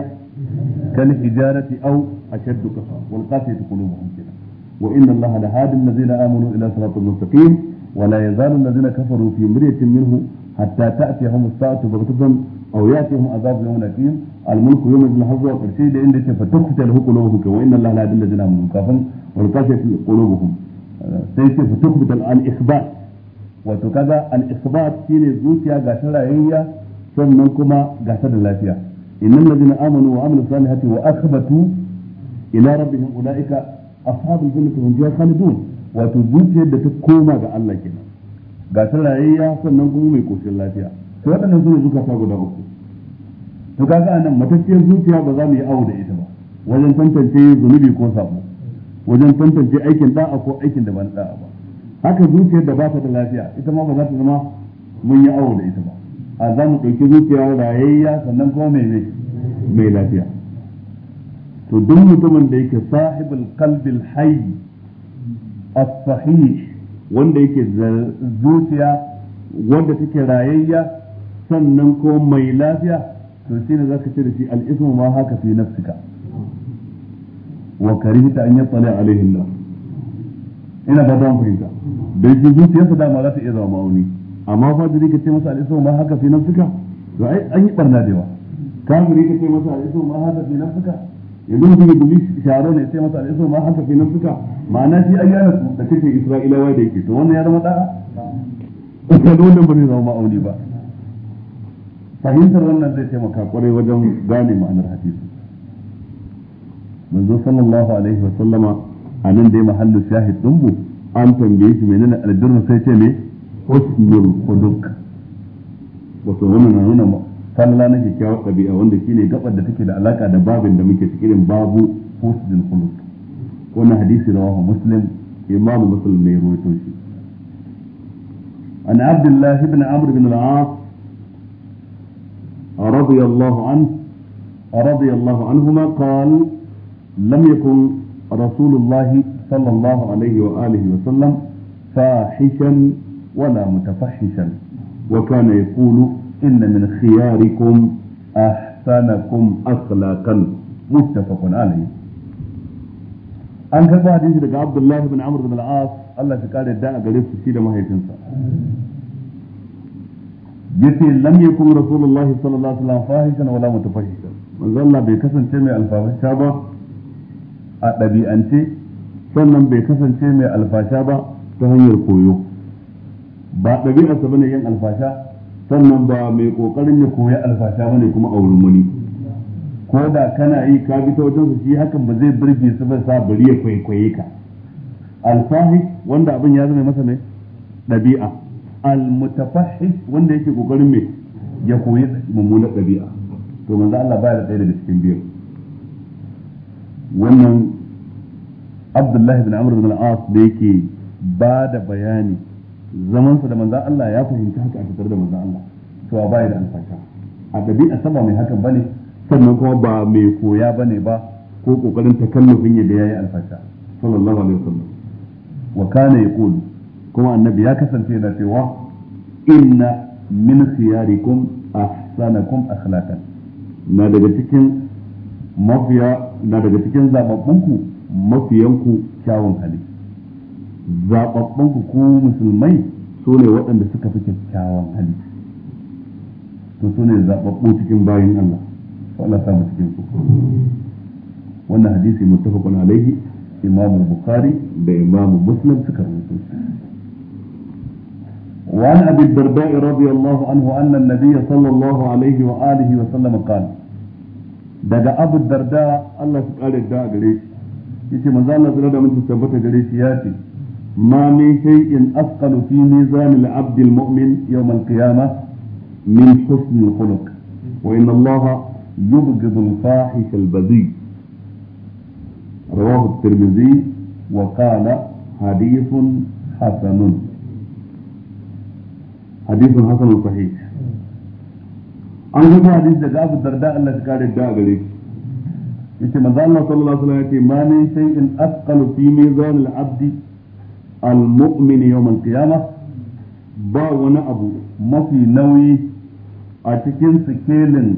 كالحجارة أو أشد كفا والقافية في قلوبهم كلام وإن الله لهاد الذين آمنوا إلى صراط مستقيم ولا يزال الذين كفروا في مرية منه hatta ta'tiyahum as-sa'atu baghtatan aw ya'tihim azabun yawmin aqim al-mulku yawma idhin hazwa qarshe da inda ta fatakta lahu qulubuhum wa inna allaha la yadillu ladina mun kafan wal qasiyati qulubuhum sai ce fatakta al-isbat wato kaga al-isbat shine zuciya ga ta rayayya sannan kuma gasar da lafiya innal ladina amanu wa amilu salihati wa akhbatu ulaika ashabul jannati hum wato zuciyar da ta koma ga Allah kenan ga ta rayayya sannan kuma mai koshin lafiya to waɗannan su ne zukata guda uku to kaga anan matacciyar zuciya ba za mu yi awo da ita ba wajen tantance zunubi ko sabo wajen tantance aikin da'a ko aikin da ba na da'a ba haka zuciyar da ba ta da lafiya ita ma ba za ta zama mun yi awo da ita ba a za mu ɗauki zuciya rayayya sannan kuma mai mai mai lafiya to duk mutumin da yake sahibul qalbil hayy as-sahih wanda yake zuciya wanda take rayayya sannan ko mai lafiya to shi ne ka ce da shi al ma haka fi nafsika wa karihta an yattali alaihi Allah ina ba dan fahimta dan shi zuciyarsa dama za ta iya zama ma'auni amma fa da ka ce masa al ma haka fi nafsika to ai an yi barna da yawa kafiri ka ce masa al ma haka fi nafsika yanzu mutum ya gumi sharo ne sai masa alaisu ma haka fi nafsuka ma'ana shi ayyana su da kake isra'ilawa da yake to wannan ya zama da'a ka da wannan ba zai zama ma'auni ba fahimtar wannan zai taimaka kwarai wajen gane ma'anar hadisi manzo sallallahu alaihi wa sallama a nan dai mahallu shahid dumbu an tambaye shi menene albirru sai ce ne husnul khuluq wato wannan na nuna falala na kyakkyawar ɗabi'a wanda ne gabar da take da alaka da babin da muke cikin babu husnul khuluq wannan hadisi rawahu muslim imamu muslim ne rawaito shi an abdullah ibn amr ibn al-as radiyallahu anhu radiyallahu anhuma qala lam yakun rasulullahi sallallahu alaihi wa alihi wa sallam fahishan wala mutafahhishan wa kana yaqulu inna min khiyarikum ahsanakum akhlaqan muttafaqun alayhi an karba hadisi daga Abdullahi bin Amr bin al Allah ya kare da a gare su shi da mahaifinsa yace lam yakun rasulullah sallallahu alaihi wasallam fahishan wala mutafahishan manzo Allah bai kasance mai alfahisha ba a ɗabi'ance sannan bai kasance mai alfasha ba ta hanyar koyo ba ɗabi'arsa ne yin alfasha sannan ba mai kokarin ya koya alfasha bane kuma a wurin wani ko da kana yi ka bi ta wajen shi hakan ba zai birge su ba sa bari ya kwaikwaye ka alfahi wanda abin ya zama masa ne ɗabi'a almutafahi wanda yake kokarin me ya koyi mummuna ɗabi'a to manzo Allah baya da ɗaya cikin biyar wannan Abdullahi bin Amr bin al-As da yake ba da bayani zamansa da manzon Allah ya fahimci haka a fitar da manzon Allah to ba ya da alfasha a dabi'a saba mai hakan bane sannan kuma ba mai koya bane ba ko kokarin takallufin yadda yayi alfasha sallallahu alaihi wasallam wa kana yaqulu kuma annabi ya kasance yana cewa inna min khiyarikum ahsanakum akhlaqan na daga cikin mafiya na daga cikin zababbunku mafiyanku kyawun hali zaɓaɓɓen ku musulmai su ne waɗanda suka fi kyakkyawan hali to su ne zaɓaɓɓu cikin bayan Allah ko Allah samu cikin su wannan hadisi muttafaqun alaihi imamu bukhari da imamu muslim suka rubuta وعن أبي الدرداء رضي الله عنه أن النبي صلى الله عليه وآله وسلم قال دقى أبو الدرداء الله سبحانه وتعالى قريش يتي من ذا الله سبحانه وتعالى من تثبت قريش ياتي ما من شيء أثقل في ميزان العبد المؤمن يوم القيامة من حسن الخلق وإن الله يبغض الفاحش البذيء رواه الترمذي وقال حديث حسن حديث حسن صحيح an zama hadis daga abu darda Allah ta kare da gare shi yace manzo Allah sallallahu alaihi wasallam yace ma min shay'in asqalu fi mizan al-abdi al-mu'min ba wani abu mafi nauyi a cikin sikelin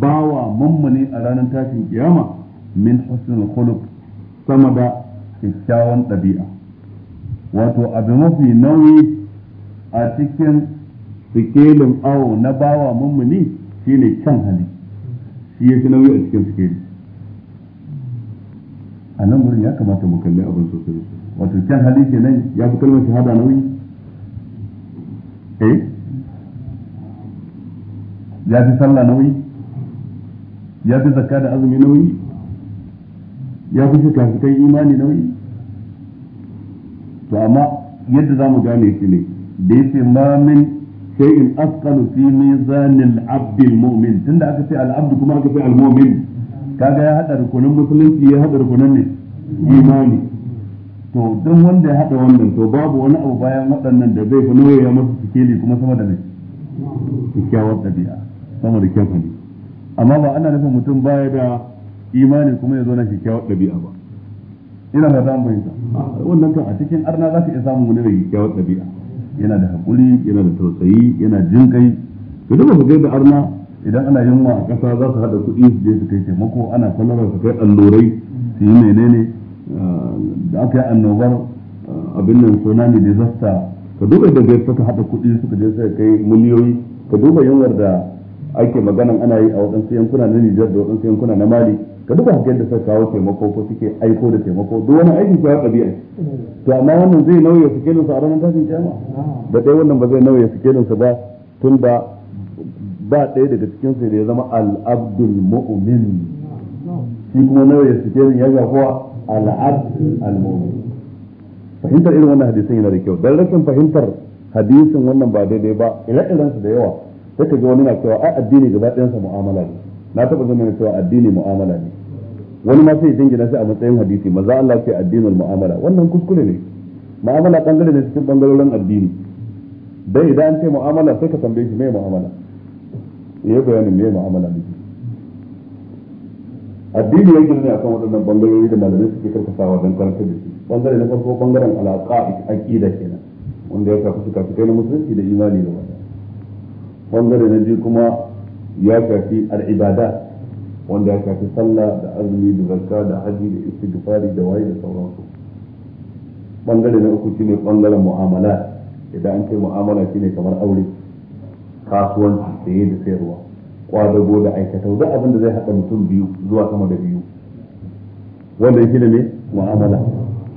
bawa mummuni a ranar tashin kiyama min husnul khuluq sama da kyakkyawan ɗabi'a wato abu mafi nauyi a cikin sikelin awo na bawa mummuni shine kyan hali shi yake nauyi a cikin sikeli a nan wurin ya kamata mu kalli abin sosai wato kyan hali nan ya fi kalmar shahada nauyi eh ya fi sallah nauyi ya fi zakka da azumi nauyi ya fi su kai imani nauyi to amma yadda za mu gane shi ne da yace ma min shay'in asqalu fi mizanil abd mumin tunda aka ce al'abdu kuma aka ce al kaga ya hada rukunin musulunci ya hada rukunin ne imani to don wanda ya haɗa wannan to babu wani abu bayan waɗannan da zai fi nauyi ya masa sikeli kuma sama da mai kyakkyawar ɗabi'a sama da kyan hali amma ba ana nufin mutum baya da imani kuma ya zo na kyakkyawar ɗabi'a ba ina da samun fahimta wannan kan a cikin arna za ka iya samun wani mai kyakkyawar ɗabi'a yana da haƙuri yana da tausayi yana jin kai to duk ba da arna idan ana yunwa a ƙasa za su haɗa kuɗi su je su kai taimako ana kwalara su kai allurai su yi menene da aka yi annobar eh, abin nan ne disaster ka duba da bai suka haɗa kuɗi suka je suka kai miliyoyi ka duba yunwar da ake maganan ana yi a waɗansu yankuna na Nijar da waɗansu yankuna na Mali ka duba hakan da suka kawo taimako ko suke aiko da taimako duk wani aiki ko ya ɗabi'a to amma wannan zai nauye su kenan sa a ranar tashin kiyama da ɗaya wannan ba zai nauye su kenan sa ba tun da ba ɗaya daga cikin su da ya zama al-abdul mu'min shi kuma nauye su kenan ya ga kowa al-abd fahimtar irin wannan hadisin yana da kyau dan rashin fahimtar hadisin wannan ba daidai ba ire-iren su da yawa sai ka ji wani na cewa ai addini gaba ɗayan mu'amala ne na taɓa zama ne cewa addini mu'amala ne wani ma sai jingina sai a matsayin hadisi maza Allah ce addinul mu'amala wannan kuskure ne mu'amala bangare ne cikin bangarorin addini dai idan an ce mu'amala sai ka tambaye shi me mu'amala ya bayanin me mu'amala ne addini ya yake ne akan waɗannan bangarori da malamai suke karkasawa don karantar da shi bangare na farko bangaren alaƙa aƙida kenan wanda ya shafi suka na musulunci da imani da wata bangare na biyu kuma ya shafi al'ibada wanda ya shafi sallah da azumi da zakka da haji da istighfari da waye da sauransu bangare na uku shine bangaren mu'amala idan an kai mu'amala shine kamar aure kasuwanci saye da sayarwa kwadago da aikatau duk abin da zai haɗa mutum biyu zuwa sama da biyu wanda yake da me mu'amala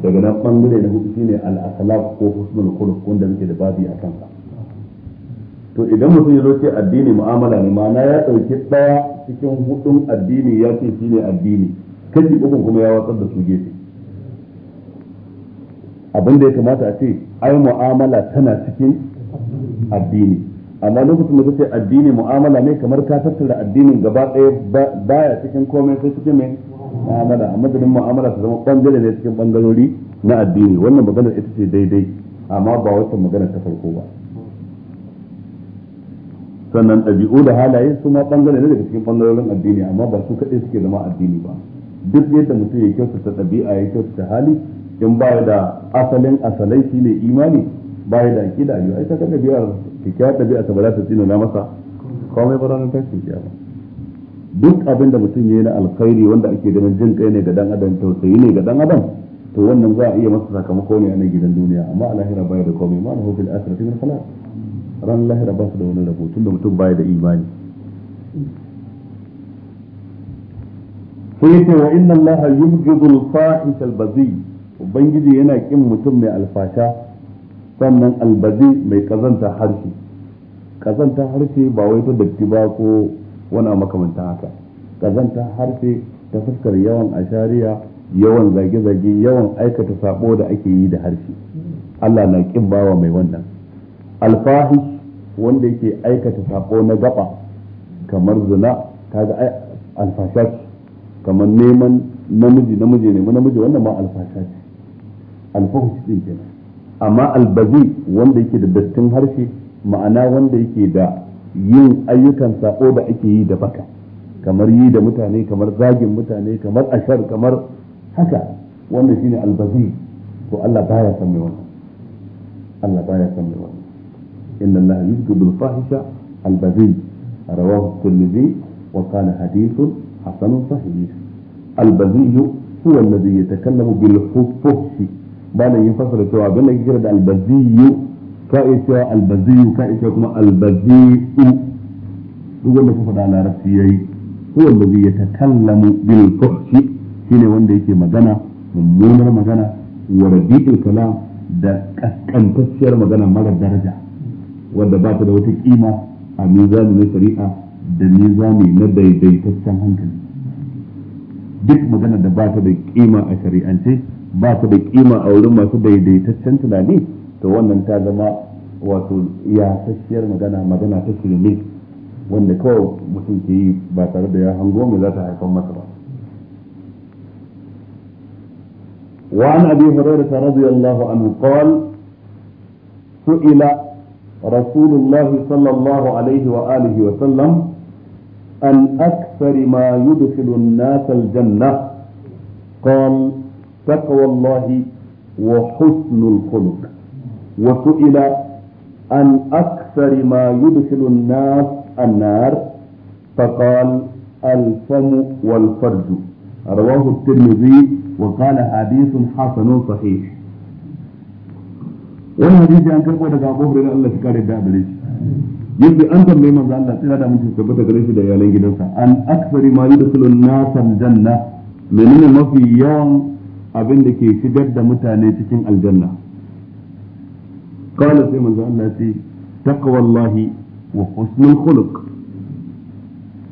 daga nan bangare na hudu shine al-akhlaq ko husnul khuluq wanda muke da babi a kansa to idan mutum ya zo ce addini mu'amala ne ma'ana ya dauki daya cikin hudun addini ya ce shine addini kashi uku kuma ya watsar da su gefe abin da ya kamata a ce ai mu'amala tana cikin addini amma lokacin da ta ce addini mu'amala ne kamar ka tattara addinin gaba ɗaya baya cikin komai sai cikin mai mu'amala Amma madadin mu'amala ta zama bangare ne cikin bangarori na addini wannan maganar ita ce daidai amma ba wata maganar ta farko ba sannan ɗabi'u da halaye su ma bangare ne daga cikin bangarorin addini amma ba su kaɗai suke zama addini ba duk yadda mutum ya kyautata ɗabi'a ya kyautata hali in ba da asalin asalai shine imani baya da aqida yau ai ta kaga kyakkyawar ɗabi'a ta ba za ta tsina na masa komai ba ranar tashin kiyama duk abin da mutum ya yi na alkhairi wanda ake ganin jin kai ne ga dan adam tausayi ne ga dan adam to wannan za a iya masa sakamako ne a nan gidan duniya amma a baya da komai ma na hukul asirati min khalaq ran lahira ba su da wani rabo tunda mutum baya da imani sai ce wa inna allaha yubghidul fahisha al-bazi ubangiji yana kin mutum mai alfasha sannan albazi mai kazanta harshe kazanta harshe ba wai ta datti ba ko wani makamanta haka kazanta harshe ta fuskar yawan ashariya yawan zage-zage yawan aikata sabo da ake yi da harshe Allah na kin bawa mai wannan alfahish wanda yake aikata sabo na gaba kamar zina kaga alfashashi kamar neman namiji namiji ne namiji wannan ma alfashashi ce alfahish din kenan amma albazi wanda yake da dattin harshe ma'ana wanda yake da yin ayyukan sako da ake yi da baka kamar yi da mutane kamar zagin mutane kamar ashar kamar haka wanda shine albazi to Allah baya san mai wannan Allah baya san mai wannan inna Allah yuzku bil fahisha albazi rawahu kulli wa kana hadithun hasanun sahih albazi huwa alladhi yatakallamu bil بالفحش malam ya fasara cewa abin da ke kira da albaziyu ka iya cewa albaziyu ka iya cewa kuma albaziyu duk wanda ku faɗa larabci yayi ko wanda zai yatakallamu bil fuhshi shine wanda yake magana mummunar magana wa rabi'ul kalam da kaskantacciyar magana mara daraja wanda ba ta da wata kima a mizani na shari'a da mizani na daidaitaccen hankali duk magana da ba ta da kima a shari'ance ba da kima a wurin masu daidaitaccen tunani to wannan ta zama wato ya sashiyar magana magana ta shirme wanda kawai mutum ke yi ba tare da ya hango mai za ta haifar masa ba وعن أبي هريرة رضي الله عنه قال سئل رسول الله صلى الله عليه وآله وسلم عن أكثر ما يدخل الناس الجنة قال تقوى الله وحسن الخلق وسئل عن أكثر ما يدخل الناس النار فقال الفم والفرج رواه الترمذي وقال حديث حسن صحيح wannan hadisi an karɓo daga Abu Hurairah Allah ya kare da gare shi yadda an tambaye manzo Allah tsira da mutum tabbata gare shi da iyalan gidansa an aksari ma yudkhulun nas al janna menene mafi yawan abin da ke shigar da mutane cikin aljanna kawai sai manzo Allah ce taqwallahi wa husnul khuluq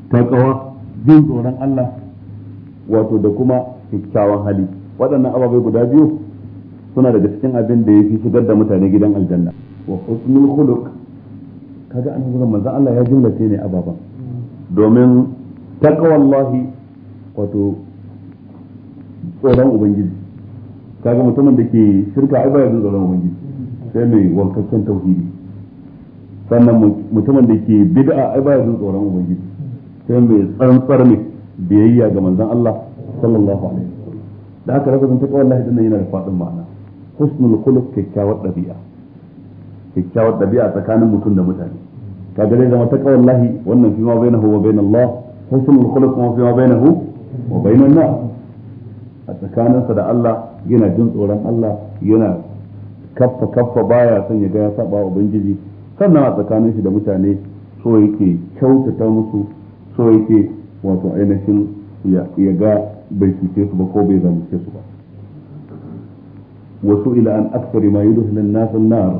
taqwa jin tsoron Allah wato da kuma kyakkyawan hali waɗannan ababai guda biyu suna daga cikin abin da yafi shigar da mutane gidan aljanna wa husnul khuluq kaga an gurin manzo Allah ya jumlace ne ababan domin taqwallahi wato tsoron ubangiji kaga mutumin da ke shirka ai baya jin tsoron ubangiji sai mai wankakken tauhidi sannan mutumin da ke bid'a ai baya jin tsoron ubangiji sai mai tsantsar ne biyayya ga manzon Allah sallallahu alaihi wasallam da aka rasa zanta wallahi dinnan yana da fadin ma'ana husnul khuluq kyakkyawar dabi'a kyakkyawar dabi'a tsakanin mutum da mutane kaga zai zama taqwa wallahi wannan fi ma bainahu wa bain Allah husnul khuluq ma fi ma bainahu wa bainan nas tsakaninsa da Allah yana jin tsoron Allah yana kaffa kaffa baya son ya ga ya saba ubangiji sannan a tsakanin shi da mutane so yake kyautata musu so yake wato ainihin ya ga bai cuce su ba ko bai zalunce su ba wasu ila an aksari ma yudhil an an-nar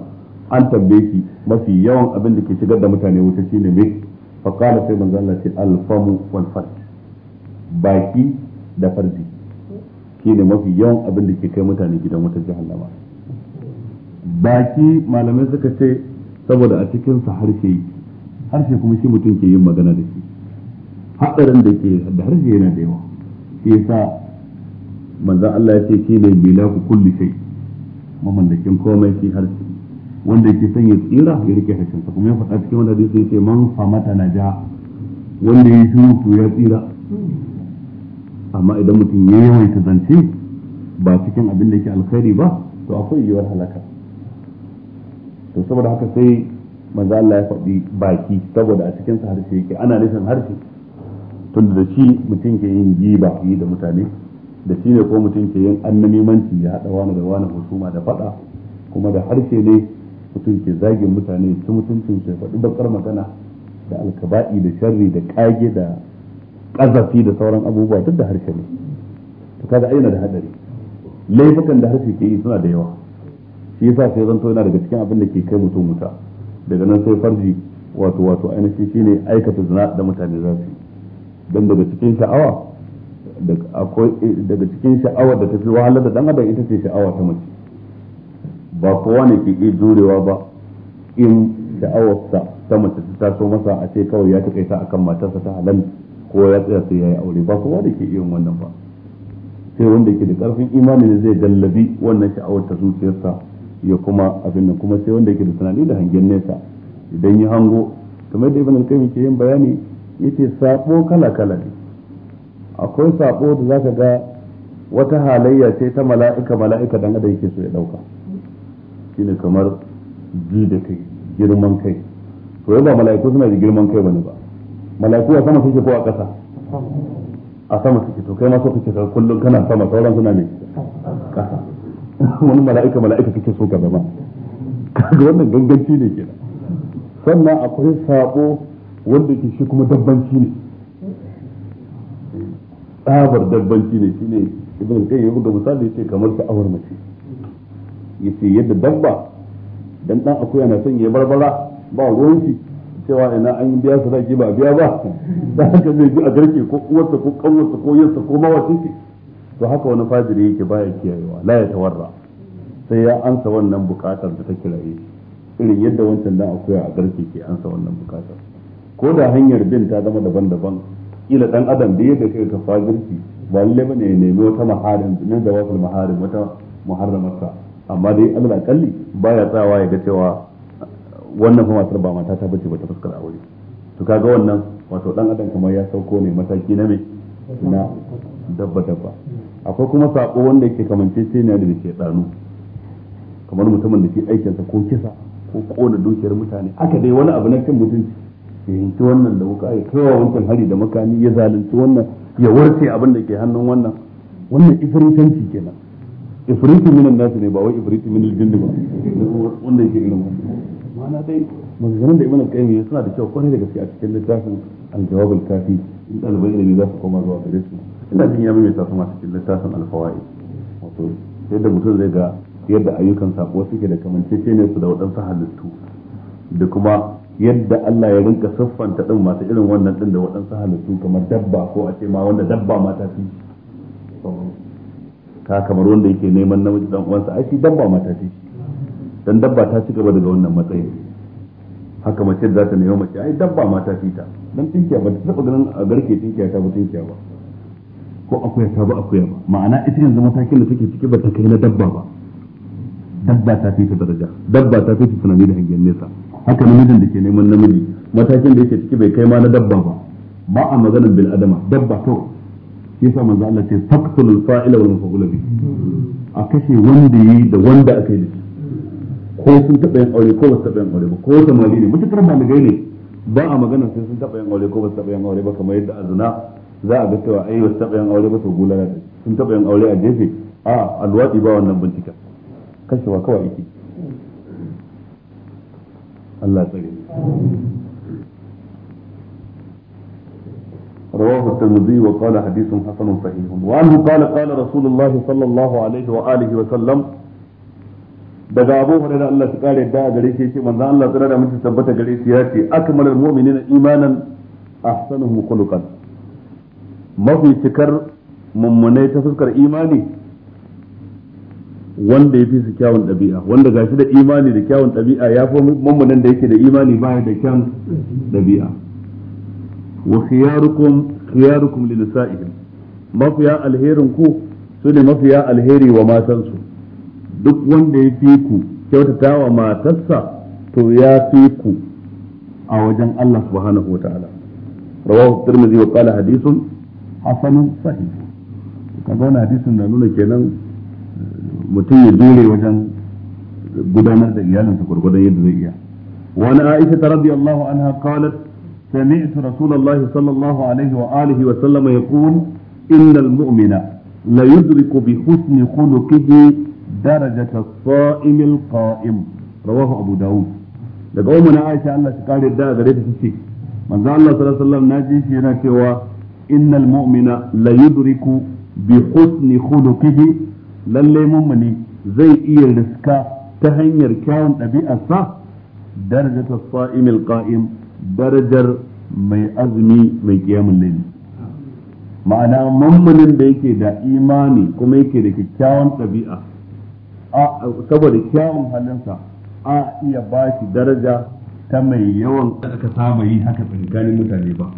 an tambaye shi mafi yawan abin da ke shigar da mutane wuta shine ne mai qala sai manzo Allah ce alfamu baki da farji shine mafi yawan abin da ke kai mutane gidan wata jahannama baki malamai suka ce saboda a cikin sa harshe harshe kuma shi mutum ke yin magana da shi hadarin da ke da harshe yana da yawa shi yasa manzon Allah ya ce shine ku kulli shay mamallakin komai shi harshe wanda ke son ya tsira ya rike harshen sa kuma ya faɗa cikin wanda zai ya ce man famata ja wanda ya shiru ya tsira amma idan mutum ya yi zance ba cikin abin da yake alkhairi ba to akwai yiwuwar halaka to saboda haka sai manzo Allah ya faɗi baki saboda a cikin sa harshe yake ana nufin harshe tunda da shi mutum ke yin giba yi da mutane da shi ne ko mutum ke yin annamimanci ya haɗa wani da wani husuma da faɗa kuma da harshe ne mutum ke zagin mutane su mutuncin su faɗi bakar magana da alkaba'i da sharri da kage da kazafi da sauran abubuwa duk da harshe ne to kaga yana da hadari laifukan da harshe ke yi suna da yawa shi yasa sai zanto yana daga cikin abin da ke kai mutum wuta daga nan sai farji wato wato ainihin shine aikata zina da mutane za su yi don daga cikin sha'awa daga cikin sha'awar da tafi wahalar da dan adam ita ce sha'awa ta mace ba kowa ne ke iya jurewa ba in sha'awarsa ta mace ta taso masa a ce kawai ya taƙaita akan matarsa ta halal ko ya tsaya sai ya yi aure ba kowa da ke iya wannan ba sai wanda ke da karfin imani ne zai gallabi wannan sha'awar ta zuciyarsa ya kuma abin nan kuma sai wanda ke da tunani da hangen nesa idan ya hango kamar da ibn al ke yin bayani yace sabo kala kala ne akwai sabo da zaka ga wata halayya ce ta mala'ika mala'ika dan adam yake so ya dauka shine kamar ji da kai girman kai to yau ba mala'iku suna da girman kai bane ba mala'iku a sama suke ko a ƙasa a sama suke to kai ma so kake ka kullun kana sama sauran suna ne ƙasa wani mala'ika mala'ika kake so ka zama kaga wannan ganganci ne kenan sannan akwai sabo wanda ke shi kuma dabbanci ne tsabar dabbanci ne shine ibn kai ya buga misali yace kamar awar mace yace yadda dabba dan dan akuya na son ya barbara ba ruwan shi cewa ina an yi biya sadaki ba biya ba da haka zai ji a garke ko uwarsa ko kanwarsa ko yarsa ko mawacin to haka wani fajiri yake baya kiyayewa la ya tawarra sai ya ansa wannan bukatar da ta kiraye irin yadda wancan dan akuya a garke ke ansa wannan bukatar ko da hanyar bin ta zama daban-daban kila dan adam da yadda kai ka fajirki ba lalle bane ya nemi wata maharin nan da wasu maharin wata muharramarsa amma dai Allah kalli baya tsawa ya ga cewa wannan fa matar ba mata ta bace ba ta fuskar aure to kaga wannan wato dan adam kamar ya sauko ne mataki na me na dabba dabba akwai kuma sako wanda yake kamance sai ne da ke tsanu kamar mutumin da ke sa ko kisa ko kona dukiyar mutane aka dai wani abu na kan mutunci ya yanki wannan da wuka ya kawo wancan hari da makami ya zalunci wannan ya warce abin da ke hannun wannan wannan ifritanci kenan ifritu minan nasu ne ba wai ifritu minal jinni ba wanda yake irin wannan mana dai maganganun da imanin al suna da kyau kwarai da gaske a cikin littafin aljawabin kafi in ɗalibai ne za su koma zuwa gare su ina jin ya mai su ma cikin littafin alfawai wato yadda mutum zai ga yadda ayyukan sako suke da ne su da waɗansu halittu da kuma yadda Allah ya rinka siffanta din masu irin wannan din da waɗansu halittu kamar dabba ko a ce ma wanda dabba ma ta fi ka kamar wanda yake neman namiji dan uwansa ai shi dabba ma ta fi dan dabba ta ci gaba daga wannan matsayin haka mace da ta nemi mace ai dabba ma ta fita dan tinkiya ba ta taba ganin a garke tinkiya ta ba tinkiya ba ko akuya ta ba akuya ba ma'ana ita yanzu matakin da take ciki ba ta kai na dabba ba dabba ta fita daraja dabba ta fita tunani da hangen nesa haka namijin da ke neman namiji matakin da yake ciki bai kai ma na dabba ba ba a maganar bil adama dabba to, shi yasa manzo Allah ce taqtulul fa'ila wal maf'ul bi a kashe wanda yi da wanda aka yi da shi ko sun taɓa yin aure ko ba su taɓa yin aure ba ko samari ne mutukar maligai ne ba a magana sai sun taɓa yin aure ko ba su taɓa yin aure ba kamar yadda azuna za a ga cewa ai ba su taɓa yin aure ba to gula da sun taɓa yin aure a gefe a alwaɗi ba wannan bincika kashewa kawai yake Allah tsare رواه الترمذي وقال حديث حسن صحيح وعنه قال قال رسول الله صلى الله عليه وآله وسلم daga Abu da Allah su kare da gare shi yake manzo Allah tsara da mutum tabbata gare shi yace akmalul mu'minina imanan ahsanuhum khuluqan mafi cikar mummunai ta fuskar imani wanda ya fi su kyawun ɗabi'a wanda ga shi da imani da kyawun ɗabi'a ya fi mummunan da yake da imani baya da kyawun ɗabi'a wa khiyarukum khiyarukum li nisa'ihim mafiya alherin ku su ne mafiya alheri wa matansu duk wanda ya fi ku kyautata wa matarsa to ya fi ku a wajen Allah subhanahu wa ta'ala rawahu tirmidhi wa qala hadithun hasanun sahih hadisin na nuna kenan mutum ya dole wajen gudanar da iyalinsa gurgudan yadda zai iya وعن عائشة رضي الله عنها قالت سمعت رسول الله صلى الله عليه وآله وسلم يقول إن المؤمن لا بحسن خلقه درجة الصائم القائم رواه أبو داود daga umu na aisha Allah shi kare da gare ta tace manzo Allah sallallahu alaihi wasallam naji shi yana cewa innal mu'mina la yudriku bi husni khuluqihi lalle mu'mini zai iya riska ta hanyar kyawun ɗabi'arsa darajatar sa'imil qa'im darajar mai azumi mai kiyamun laili ma'ana mammanin da yake da imani kuma yake da kyakkyawan ɗabi'a saboda kyawun halinsa a iya ba shi daraja ta mai yawan da aka saba yi haka tsakanin mutane ba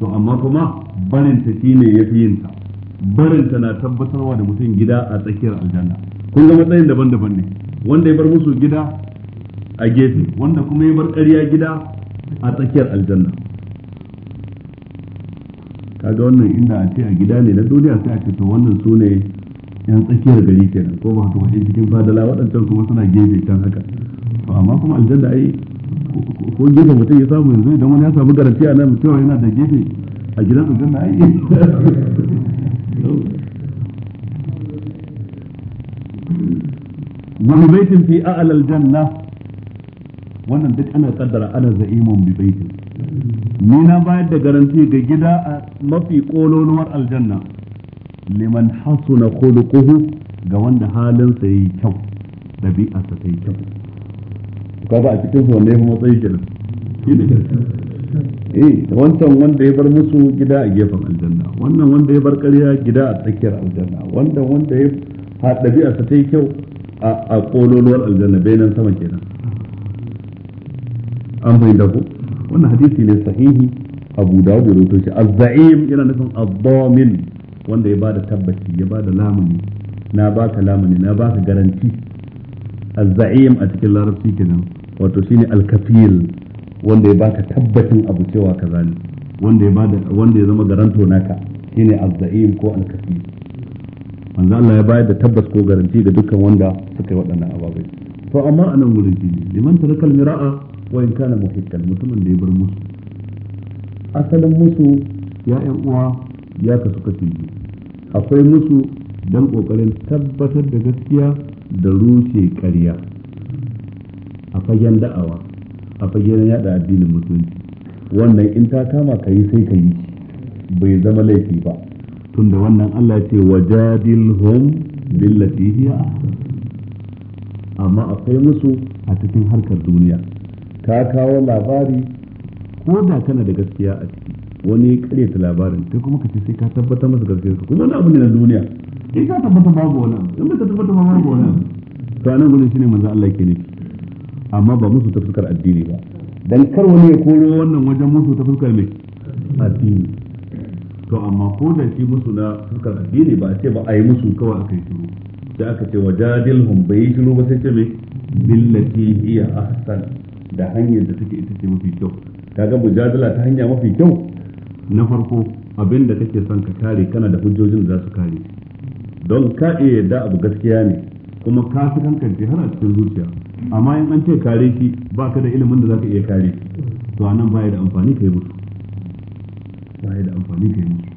to amma kuma barinta ne ya fi yinta barinta na tabbatarwa da mutum gida a tsakiyar aljanna kun ga matsayin daban-daban ne wanda ya bar musu gida a gefe wanda kuma ya bar ƙarya gida a tsakiyar aljanna kaga wannan inda a ce a gida ne na duniya sai a ce to wannan su ne yan tsakiyar gari kenan ko ba kuma yan cikin fadala waɗancan kuma suna gefe can haka to amma kuma aljanna ai ko gefe mutum ya samu yanzu idan wani ya samu garanti a nan cewa yana da gefe a gidan aljanna ai wani baitin fi a'lal janna wannan duk ana kaddara ana za'imun bi baitin ni na bayar da garanti ga gida a mafi kololuwar aljanna liman hasuna khuluquhu ga wanda halinsa yayi kyau dabi'arsa ta yi kyau ba a cikin su wanda ya fi matsayi kenan eh wancan wanda ya bar musu gida a gefen aljanna wannan wanda ya bar ƙarya gida a tsakiyar aljanna wanda wanda ya ɗabi'arsa ta yi kyau a ƙololuwar aljanna bainan sama kenan an fahimta ko wannan hadisi ne sahihi abu dawud ya rawaito shi az-za'im yana nufin ad-damin wanda ya bada tabbaci ya bada lamuni na baka lamuni na baka garanti az-za'im a cikin larabci kenan wato shine al-kafil wanda ya baka tabbacin abu cewa kaza ne wanda ya bada wanda ya zama garanto naka shine az-za'im ko al-kafil manzo Allah ya bayar da tabbas ko garanti ga dukkan wanda suka yi waɗannan ababai to amma anan nan wurin shine liman tarakal mira'a wa in kana muhikkal mutumin da ya bar musu asalin musu ya yan uwa ya kasu kasu biyu akwai musu don kokarin tabbatar da gaskiya da rushe karya a fagen da'awa a fagen yada addinin musulunci wannan in ta kama ka yi sai ka yi bai zama laifi ba tunda wannan Allah ce wajadilhum billati hiya amma akwai musu a cikin harkar duniya ka kawo labari ko da kana da gaskiya a ciki wani ya ta labarin kai kuma kace sai ka tabbatar masa gaskiyar ka kuma wani abu ne na duniya in ka tabbata babu wani in ba ka tabbata babu wani abu to anan gudun shine manzo Allah ke nufi amma ba musu ta addini ba dan kar wani ya koro wannan wajen musu ta ne? mai addini to amma ko da shi musu na fuskar addini ba a ce ba a yi musu kawai a yi su da aka ce wajadilhum bai yi shiru ba sai ce mai billati hiya ahsan da hanyar da take ita ce mafi kyau kaga mujadala ta hanya mafi kyau na farko abin da kake son ka kare kana da hujjojin da za su kare don ka iya yadda abu gaskiya ne kuma ka fi kankanci har a cikin zuciya amma in an ce kare shi ba ka da ilimin da za ka iya kare to anan ba da amfani ka yi musu ba da amfani ka yi musu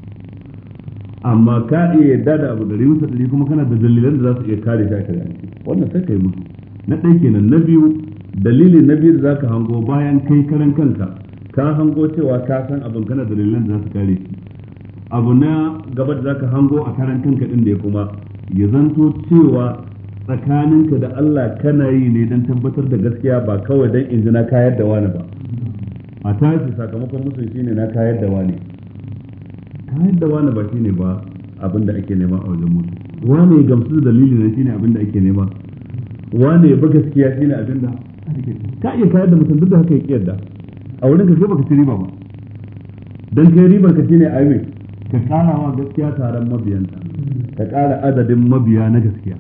amma ka iya yadda da abu da musu dari kuma kana da dalilan da za su iya kare shi a kare wannan sai ka yi musu na ɗaya kenan na biyu dalili na biyu da za ka hango bayan kai karan kanka ka hango cewa ka san abin kana dalilan da za su kare shi abu na gaba da zaka hango a karan kanka din da ya kuma ya zanto cewa tsakaninka da Allah kana yi ne don tabbatar da gaskiya ba kawai don in ji na kayar da wani ba a tashi sakamakon musu shine na kayar da wani kayar da wani ba shine ba abin da ake nema a wajen mutu wane gamsu da dalili ne shine abin da ake nema wane ba gaskiya shine abin da ka iya kayar da mutum duk da haka ya kiyar da a wurin ka sai baka ci riba ba dan kai ribar ka shine a yi ka kara wa gaskiya taron mabiyanta ka kara adadin mabiya na gaskiya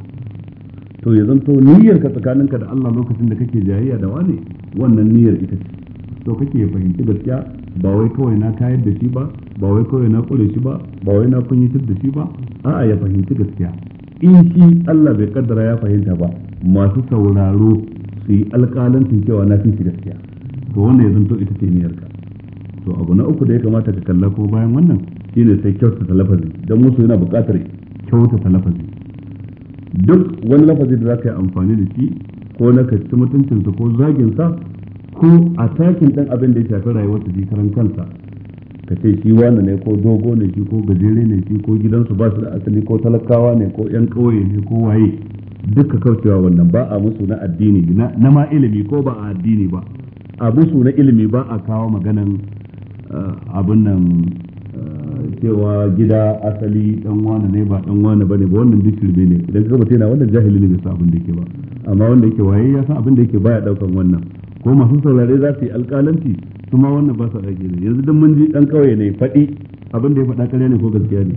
to ya zanto niyyar ka tsakaninka da Allah lokacin da kake jayayya da wane wannan niyyar ita ce to kake fahimci gaskiya ba wai kawai na kayar da shi ba ba wai kawai na kure shi ba ba wai na kunyatar da shi ba a'a ya fahimci gaskiya in shi Allah bai kaddara ya fahimta ba masu sauraro su yi alƙalancin cewa na fi gaskiya to wanda ya zanto ita ce niyarka to abu na uku da ya kamata ka kalla ko bayan wannan shine sai kyauta ta lafazi dan musu yana buƙatar kyauta ta lafazi duk wani lafazi da zaka yi amfani da shi ko na ka ci mutuncinsa ko zaginsa ko a takin ɗan abin da ya shafi rayuwar ta karan kansa ka ce shi wani ne ko dogo ne shi ko gajere ne shi ko gidansu ba su da asali ko talakawa ne ko yan ƙauye ne ko waye duka kaucewa wannan ba a musu na addini na ma ilimi ko ba a addini ba a su na ilimi ba a kawo maganan eh, abin nan eh, cewa gida asali dan wani ne ba dan wani bane ba wannan duk shirbe ne idan ka mutum yana wannan jahili ne bai abin da yake ba amma wanda yake waye ya san abin da yake baya daukan wannan ko masu saurare za su yi alƙalanci su ma wannan ba su aiki ne yanzu dan mun ji dan kauye ne faɗi abin da ya faɗa ƙarya ne ko gaskiya ne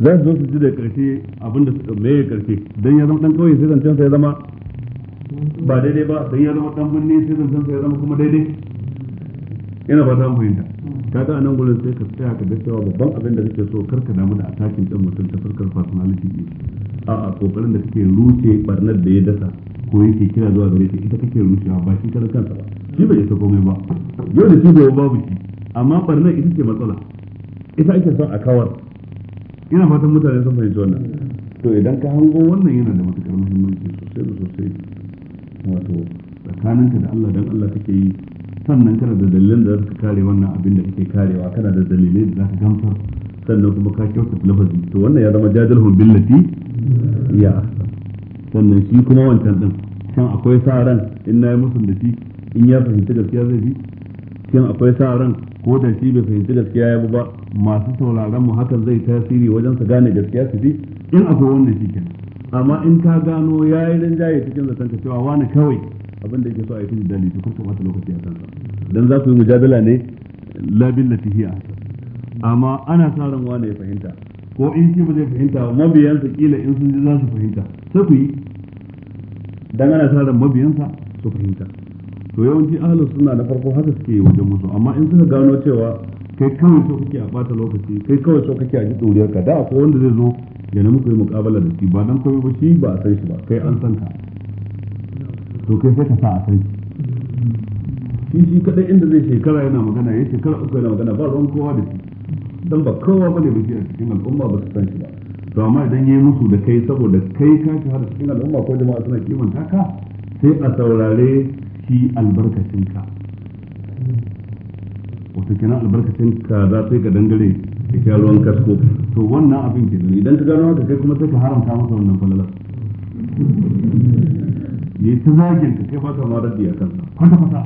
za su zo su ji da ƙarshe abin da me ya ƙarshe dan ya zama dan kauye sai zancen sai ya zama ba daidai ba don ya zama dan birni sai zan sai ya zama kuma daidai ina ba ta fahimta. Ka ga anan gurin sai ka tsaya ka ga cewa babban abin da kake so karka damu da atakin din mutum ta fuskar personality ne a'a kokarin da kake ruce barnar da ya dasa ko yake kira zuwa gare ta ita kake rushewa ba shi karan kansa ba shi bai isa komai ba yau da shi bai babu shi amma barnar ita ce matsala ita ake son a kawar ina fatan mutane sun fahimci wannan to idan ka hango wannan yana da matukar muhimmanci sosai da sosai wato tsakaninka da Allah dan Allah take yi sannan kana da dalilan da za ka kare wannan abin da kake karewa kana da dalilai da za zaka gamsar sannan kuma ka kyauta lafazi to wannan ya zama jadalhu billati ya ahsan sannan shi kuma wancan din shin akwai sa ran in yi musun da shi in ya fahimci gaskiya zai bi shin akwai sa ran ko da shi bai fahimci gaskiya ya ba masu sauraron mu hakan zai tasiri wajen su gane gaskiya su bi in akwai wanda shi kenan amma in ka gano ya yi rinjaye cikin zaton cewa wani kawai abin da yake so a yi tun dalilin to kurka ta lokaci a kansa dan za su yi mujadala ne labin latihiya amma ana sa ran wani ya fahimta ko in shi ba zai fahimta ba mabiyansa kila in sun ji za su fahimta sai ku yi dan ana sa ran mabiyansa su fahimta to yawanci ahlus suna na farko haka suke yi wajen musu amma in suka gano cewa kai kawai so kake a bata lokaci kai kawai so kake a ji doriyar ka da akwai wanda zai zo na muku yi mukabala da shi ba dan komai ba shi ba a san shi ba kai an san ka to kai sai ka sa a san shi shi shi kadai inda zai shekara yana magana ya shekara uku yana magana ba ruwan kowa da shi dan ba kowa bane ba shi a cikin al'umma ba su san shi ba to amma idan yayi musu da kai saboda kai ka har cikin al'umma ko jama'a suna kimanta ka sai a saurare shi albarkacin ka wato kenan albarkacin ka za sai ka dangare ya sha ruwan kasko to wannan abin ke idan ka gano haka kai kuma sai ka haramta masa wannan falala ne ta zagin ka kai fata ma raddi a kansa kwanta fata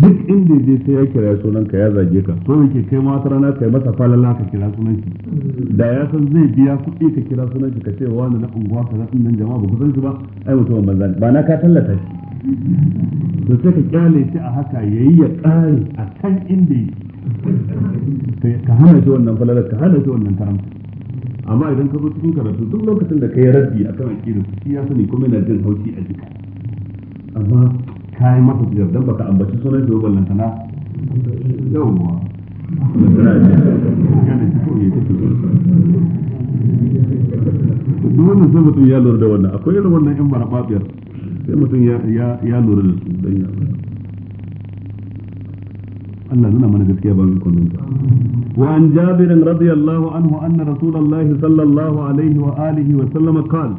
duk inda zai sai ya kira sunan ka ya zage ka so yake kai ma wata rana kai masa falala ka kira sunan shi da ya san zai biya kuɗi ka kira sunan shi ka ce wa na unguwa ka zaɗin nan jama'a ba ku san shi ba ai mutumin banza ne ba na ka tallata shi to sai ka kyale shi a haka yayi ya ƙare a kan inda yake ka hana shi wannan falalar ka hana shi wannan karamci amma idan ka zo cikin karatu duk lokacin da ka yi rabbi raddi akan aqidar shi ya sani kuma yana jin haushi a jika amma ka yi masa jirar dan baka ambaci sunan shi ba lantana yawwa duk wannan sai mutum ya lura da wannan akwai irin wannan yan marabatiyar sai mutum ya lura da su don ya Allah nuna mana gaskiya ba mu kullum ta wa an anna rasulullahi sallallahu alaihi wa alihi wa sallama qala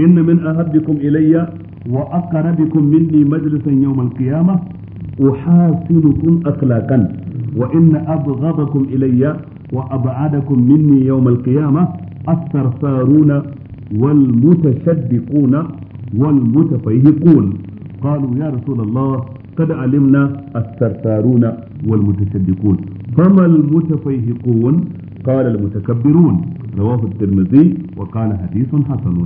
inna min ahadikum ilayya wa aqrabikum majlisan أحاسنكم أخلاقا وإن أبغضكم إلي وأبعدكم مني يوم القيامة الثرثارون والمتشدقون والمتفيهقون قالوا يا رسول الله قد علمنا الثرثارون والمتشدقون فما المتفيهقون قال المتكبرون رواه الترمذي وقال حديث حسن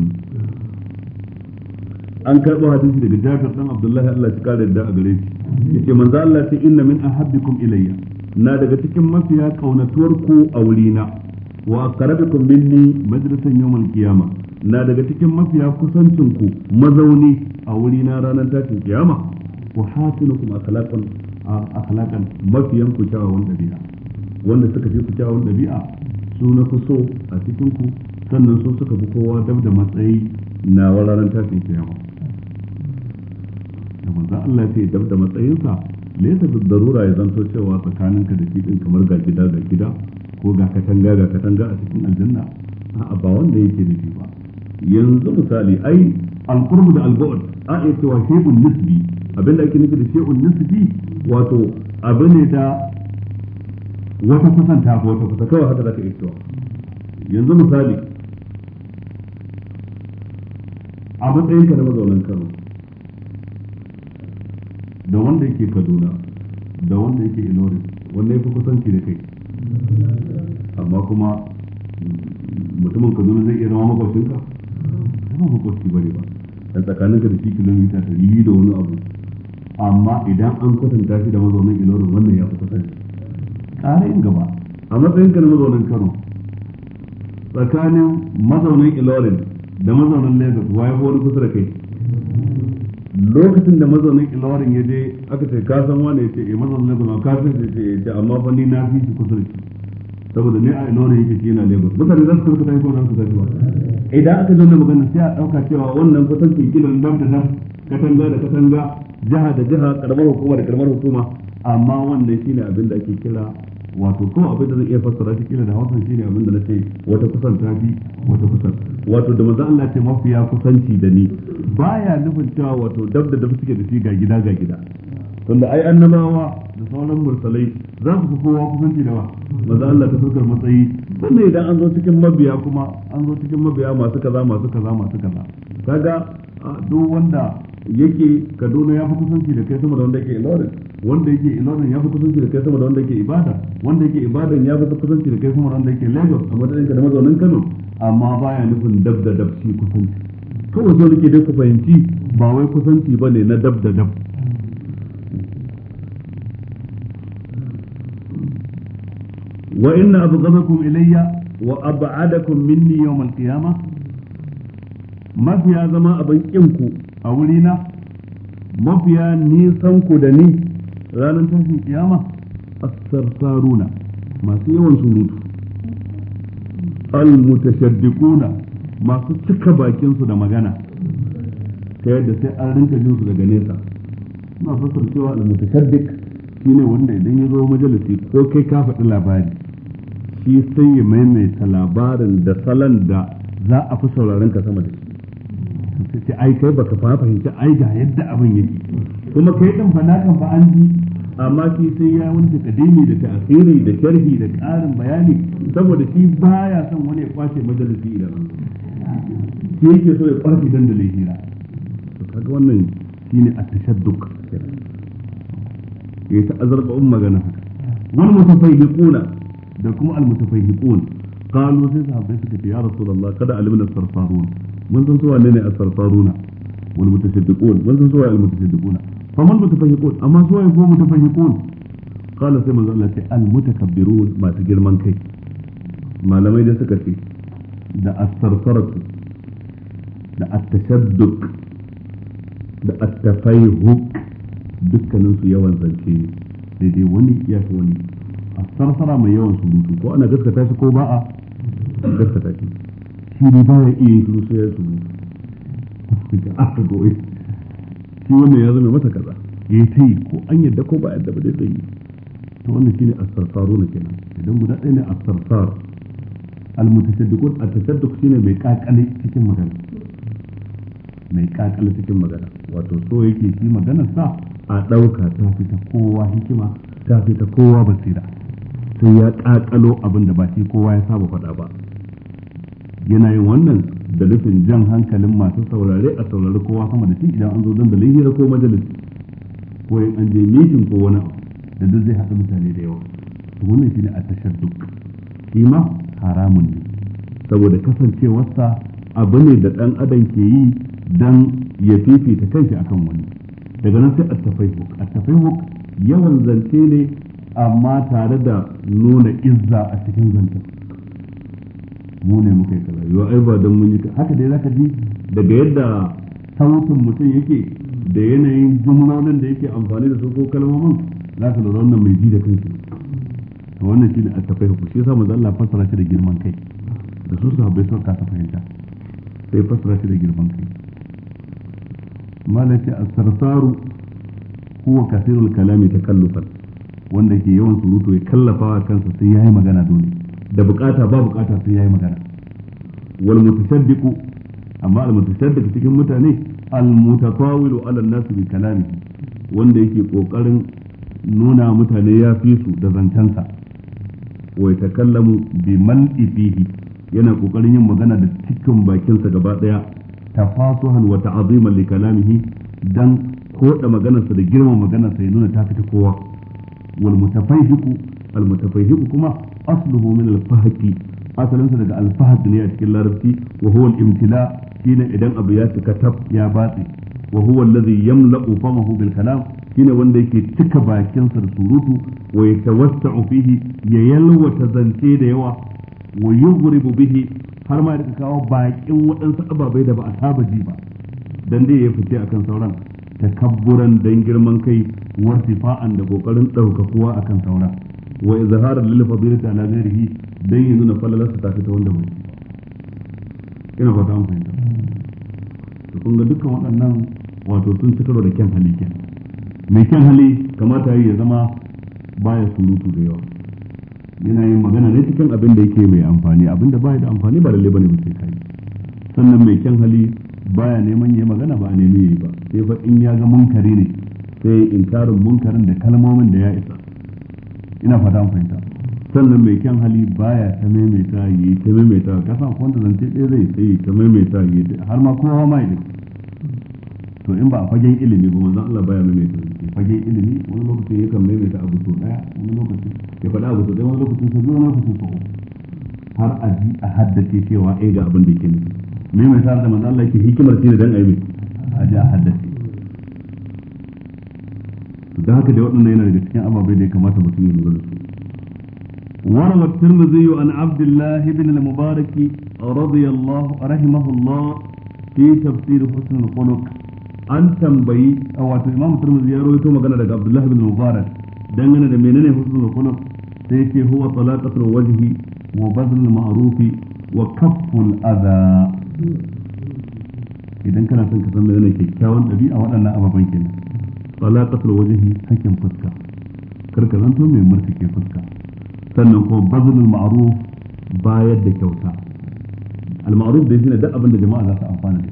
an karɓo hadisi daga Jabir dan Abdullahi Allah ya da a gare shi yace manzo Allah ce inna min ahabbikum ilayya na daga cikin mafiya kaunatuwar ku a wurina wa aqrabukum minni majlisan yawmal qiyama na daga cikin mafiya kusancin ku mazauni a wurina ranar tashin kiyama wa hasinukum akhlaqan akhlaqan mafiyan ku kyawawan dabi'a wanda suka fi ku kyawawan dabi'a su na ku so a cikin ku sannan su suka fi kowa dab da matsayi na wararan tashin kiyama da manzo Allah sai dab da matsayinsa laysa da darura ya zanto cewa tsakaninka da shi din kamar ga gida ga gida ko ga katanga ga katanga a cikin aljanna a'a ba wanda yake shi ba yanzu misali ai alqurbu da alba'd a iya cewa shibun nisbi abin da ake nufi da shi'un nisbi wato abu ne da wata kusanta ko wata kusa kawai haka zaka iya yanzu misali a matsayin ka na mazaunan Kano da wanda yake Kaduna da wanda yake Ilorin wanda ya fi kusanci da kai amma kuma mutumin Kaduna zai iya zama ka ba makwabci bane ba tsakanin tsakaninka da shi kilomita 200 da wani abu amma idan an kwatanta shi da mazaunin ilorin wannan ya fi kusanci ƙara yin gaba a matsayin ka na mazaunin kano tsakanin mazaunin ilorin da mazaunin lagos waye ko wani kusa da kai lokacin da mazaunin ilorin ya je aka ce ka san wani ya ce eh mazaunin lagos ma ka san eh, ya ce amma fa ni na fi su kusa da shi saboda ne a ina wani yake shi yana lagos mutane za su karkata yi ko za su tafi ba idan aka zo na magana sai a ɗauka cewa wannan kusan kilon dam da dam katanga da katanga jiha da jiha karamar hukuma da karamar hukuma amma wannan shine abin da ake kira wato kuma abin da zai iya fassara shi kila da hausa shine abin da nace wata kusan tafi wata kusan wato da manzo Allah ce mafiya kusanci da ni baya nufin cewa wato dab da dab suke da shi ga gida ga gida tunda ai annabawa sauran murtalai za ku kowa kusanci da ba za Allah ta fuskar matsayi sannan idan an zo cikin mabiya kuma an zo cikin mabiya masu kaza masu kaza masu kaza kaga duk wanda yake Kaduna ya fi kusanci da kai sama da wanda yake Ilorin wanda yake Ilorin ya fi kusanci da kai sama da wanda yake Ibada wanda yake Ibadan ya fi kusanci da kai sama da wanda yake Lagos a matsayin ka da mazaunin Kano amma baya nufin dab da dab shi kusanci kawai so nake dai ku fahimci ba wai kusanci bane na dab da dab wa inna abghadakum ilayya wa ab'adakum minni yawm al-qiyamah mafiya zama abin ku a wurina mafiya nisan ku da ni ranar tashin kiyama as-sarsaruna masu yawan surutu al-mutashaddiquna masu cika bakinsu da magana ta da sai an rinka jin daga nesa ina fasar cewa al-mutashaddiq shine wanda idan ya zo majalisi ko kai ka faɗi labari shi sai ya maimaita labarin da salon da za a fi sauraron ka sama da shi sai ai kai baka fa fahimci ai ga yadda abin yake kuma kai din fa nakan ba an ji amma shi sai ya wani takadimi da ta'asiri da sharhi da ƙarin bayani saboda shi baya son wani ya kwace majalisi idan shi yake so ya kwace dandalin hira to kaga wannan shine at-tashadduk yayi ta azarba magana haka wani mutum fa kuna da kuma almutafahiqun qalu sai sahabbai suka ce ya rasulullah kada alimna sarfarun mun san cewa ne ne asarfaruna wal mutasaddiqun mun san cewa al fa man mutafahiqun amma so suwa ko mutafahiqun qala sai manzo Allah ce almutakabbirun mutakabbirun masu girman kai malamai da suka ce da asarfaratu da at da at-tafahiq dukkanin su yawan zance daidai wani ya fi wani a sarsara mai yawan surutu ko ana gaskata shi ko ba a gaskata shi shi ne ba ya iya yi sai ya surutu da aka goyi shi wannan ya zama masa kaza ya ta yi ko an yadda ko ba yadda ba dai zai yi ta wannan ne a sarsaru na kenan idan mu daɗe ne a sarsar al-mutasaddiqun at-tasadduq shine mai kakale cikin magana mai kakale cikin magana wato so yake shi magana sa a ɗauka ta fita kowa hikima ta fita kowa basira sai ya ƙaƙalo abin da ba shi kowa ya saba faɗa ba yana yin wannan da nufin jan hankalin masu saurare a saurari kowa sama da shi idan an zo dandalin hira ko majalis. ko in an je mitin ko wani da duk zai haɗa mutane da yawa to wannan shine a tashar duk shi ma haramun ne saboda kasancewarsa abu ne da ɗan adam ke yi don ya fifita kanshi akan wani daga nan sai a tafaihu a tafaihu yawan zance ne amma tare da nuna izza a cikin zancen mu ne muka yi kaza yau ai ba don mun yi haka dai zaka ji daga yadda sautin mutum yake da yanayin jumlolin da yake amfani da su ko kalmomin za ka lura wannan mai ji da kansu wannan shi ne a tafai hukun shi yasa manzo Allah fassara shi da girman kai da su haɓe sun ka fahimta sai fassara shi da girman kai malaka a sarsaru huwa kasirul kalami ta takallufan wanda ke yawan surutu ya kallafa wa kansa sai yayi magana dole da bukata ba bukata sai yayi magana wal mutasaddiqu amma al mutasaddiq cikin mutane al mutatawilu ala nasu bi kalamihi wanda yake kokarin nuna mutane ya fi su da zancensa wa yatakallamu bi man ifihi yana kokarin yin magana da cikin bakinsa gaba daya tafasuhan wa ta'ziman li kalamihi dan koda maganarsa da girman maganarsa ya nuna ta fita kowa wal mutafayhiqu al mutafayhiqu kuma asluhu min asalinsa daga al fahq ne a cikin larabci wa huwa al imtila shine idan abu ya cika tab ya batsi wa huwa alladhi yamla'u famahu bil kalam shine wanda yake cika bakinsa da surutu wa yatawassa'u fihi ya yalwata zance da yawa wa yughribu bihi har ma da kawo bakin waɗansu ababai da ba a saba ji ba dan dai ya fice akan sauran takabburan dan girman kai wartifa'an da kokarin ɗaukakuwa akan saura wa izharar lil fadilati ala ghairihi dan ya nuna tafi ta wanda mai ina fata an fahimta to kun ga dukkan waɗannan wato sun ci karo da kyan hali kyan mai kyan hali kamata ya zama baya surutu da yawa yana yin magana ne cikin abin da yake mai amfani abin da baya da amfani ba lalle bane ba sai kai sannan mai kyan hali baya neman yayi magana ba a nemi yayi ba sai ba in ya ga munkari ne sai ya inkarin munkarin da kalmomin da ya isa ina fata fahimta sannan mai kyan hali baya ta maimaita yi ta maimaita ka san kwanta zance ɗaya zai sai ta maimaita yi har ma kowa ma yi to in ba a fagen ilimi ba manzon Allah baya maimaita yi. fagen ilimi wani lokacin yakan maimaita abu so ɗaya wani lokacin ya faɗa abu so ɗaya wani lokacin sun biyu wani lokacin so har a ji a haddace cewa ai eh, ga abin da ke nufi maimaita da manzon Allah ke hikimar shi ne dan ai mai a ji a haddace da haka dai waɗannan yana daga cikin ababai da ya kamata mutum ya lura da su وروى الترمذي عن عبد الله بن المبارك رضي الله رحمه الله في تفسير حسن الخلق an tambayi a wato imam turmuzi ya rawaito magana daga abdullah bin mubarak dangane da menene husnul khuluq sai ce huwa talaqatul wajihi wa maarufi wa kafful adha idan kana son ka san mai yana kyakkyawan ɗabi'a waɗannan ababen kenan talaqatul wajhi hakin fuska karka zanto mai ke fuska sannan kuma bazlul ma'ruf bayar da kyauta al-ma'ruf dai shine duk abin da jama'a za su amfana da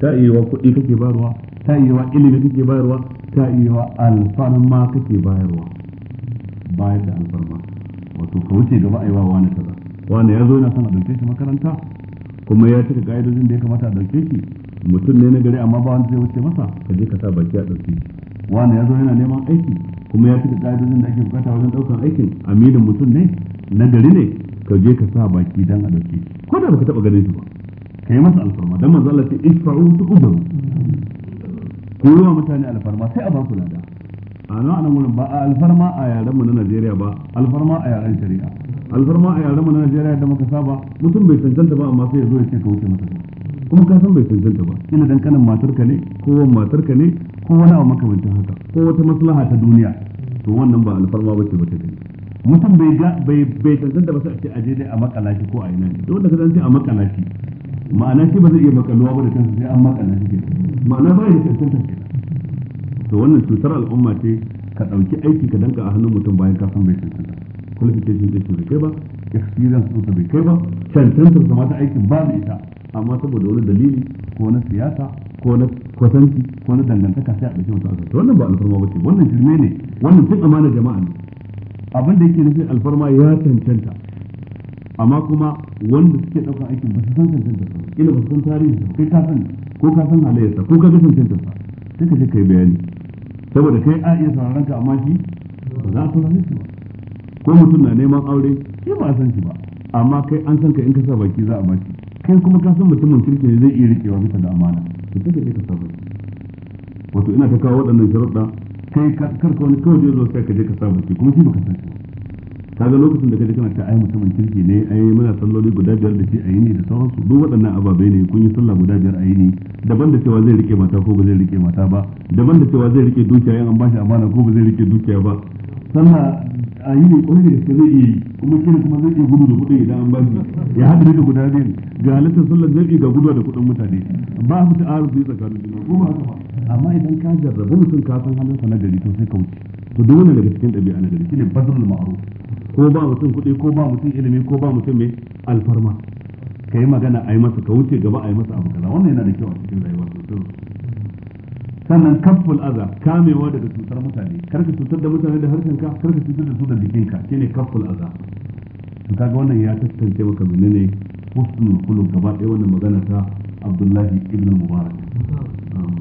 ta iya wa kuɗi kake bayarwa ta iya wa ilimi kake bayarwa ta iya wa ma kake bayarwa bayar da alfarma wato ka wuce gaba a yi wa wani kaza wani ya zo yana son a ɗauke shi makaranta kuma ya cika ka'idojin da ya kamata a ɗauke shi mutum ne na gari amma ba wanda zai wuce masa ka je ka sa baki a ɗauke wani ya zo yana neman aiki kuma ya da ƙa'idojin da ake bukata wajen ɗaukar aikin aminin mutum ne na gari ne ka je ka sa baki dan a ɗauke ko da baka taɓa ganin shi ba ka yi masa alfarma dan manzo Allah ce isfa'u ku yi mutane alfarma sai a ba ku lada a nan anan wurin ba a alfarma a yaren mu na Najeriya ba alfarma a yaren shari'a alfarma a yaren mu na Najeriya da muka saba mutum bai cancanta ba amma sai ya zo ya ce ka wuce masa kuma ka san bai cancanta ba ina dan kanan matar ka ne ko wani matar ka ne ko wani abu makamantan haka ko wata maslaha ta duniya to wannan ba alfarma bace ba ne mutum bai ga bai bai cancanta ba sai a ce aje dai a makala shi ko a ina ne da ka san sai a makala shi ma'ana shi ba zai iya makaluwa ba da kansa sai an makala shi ma'ana ba ya cancanta kenan to wannan cutar al'umma ce ka dauki aiki ka danka a hannun mutum bayan ka san bai cancanta qualification din bai kai ba experience din bai kai ba cancantar sa mata aikin ba da ita amma saboda wani dalili ko na siyasa ko na kwatanci ko na dangantaka sai a ɗauki wata a wannan ba alfarma ba ce wannan shirme ne wannan tun amana jama'a ne abin da yake nufin alfarma ya cancanta amma kuma wanda suke ɗaukar aikin ba su san cancanta ba ila ba su san tarihi sa kai ka san ko ka san halayyarsa ko ka ga cancanta sa sai ka je kai bayani saboda kai a iya sauraron ka amma shi ba za a saurare shi ba ko mutum na neman aure shi ba a san shi ba amma kai an san ka in ka sa baki za a bashi kai kuma ka san mutumin kirki ne zai iya rikewa bisa da amana to sai ka ka sa baki wato ina ta kawo waɗannan sharuɗa kai kar ka wani kawai zai zo sai ka je ka sa baki kuma shi baka san shi ba kaga lokacin da ka je kana ta ai mutumin kirki ne ai muna salloli guda biyar da shi a yini da sauransu duk waɗannan ababai ne kun yi sallah guda biyar a yini daban da cewa zai rike mata ko ba zai rike mata ba daban da cewa zai rike dukiya yan an bashi amana ko ba zai rike dukiya ba sallah a yi ne kwarai da gaske zai iya yi kuma kira kuma zai iya gudu da kuɗin idan an ba shi ya haɗa da guda biyu ga halittar sallar zai ga gudu da kuɗin mutane ba mu ta arzu ya tsakanin juna ko ba haka ba amma idan ka jarrabu mutum ka san halin na gari to sai ka wuce to duk wannan daga cikin ɗabi'a na gari ne bazrul ma'ruf ko ba mutum kuɗi ko ba mutum ilimi ko ba mutum mai alfarma ka yi magana a yi masa ka wuce gaba a yi masa abu kaza wannan yana da kyau a cikin rayuwa sosai sannan kaful aza kamewa daga cutar mutane karka cutar da mutane da harshen ka karka cutar da su da jikin ka shine kaful aza to kaga wannan ya tantance maka menene husnul khuluq gaba ɗaya wannan magana ta Abdullahi ibn Mubarak um,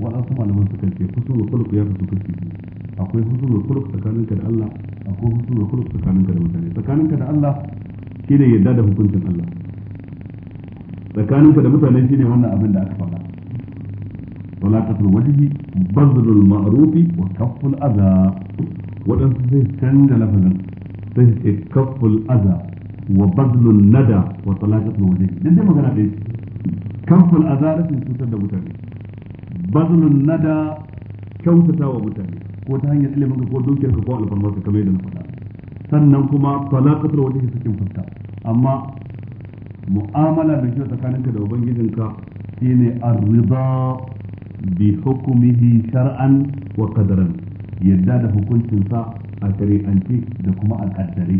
waɗansu malaman suka ce husnul khuluq ya kasu kashi akwai husnul khuluq tsakaninka da Allah akwai husnul khuluq tsakaninka da mutane tsakaninka da Allah shine yadda da hukuncin Allah tsakaninka da mutane shine wannan abin da aka faɗa balaqatul wajhi bazlul ma'rufi wa kafful adha wadansu sai canza lafazin sai ce kafful adha wa bazlul nada wa talaqatul wajhi dan dai magana dai kafful adha rashin cutar da mutane nada kyautata wa mutane ko ta hanyar ilimin ko dukiyarka ko alfarmarka kamar yadda na faɗa sannan kuma talaqatul wajhi sakin fuska amma mu'amala da kyau tsakaninka da ubangijinka shine ar-ridha bi hukumihi shar'an wa qadaran yadda da hukuncinsa a shari'ance da kuma a kaddare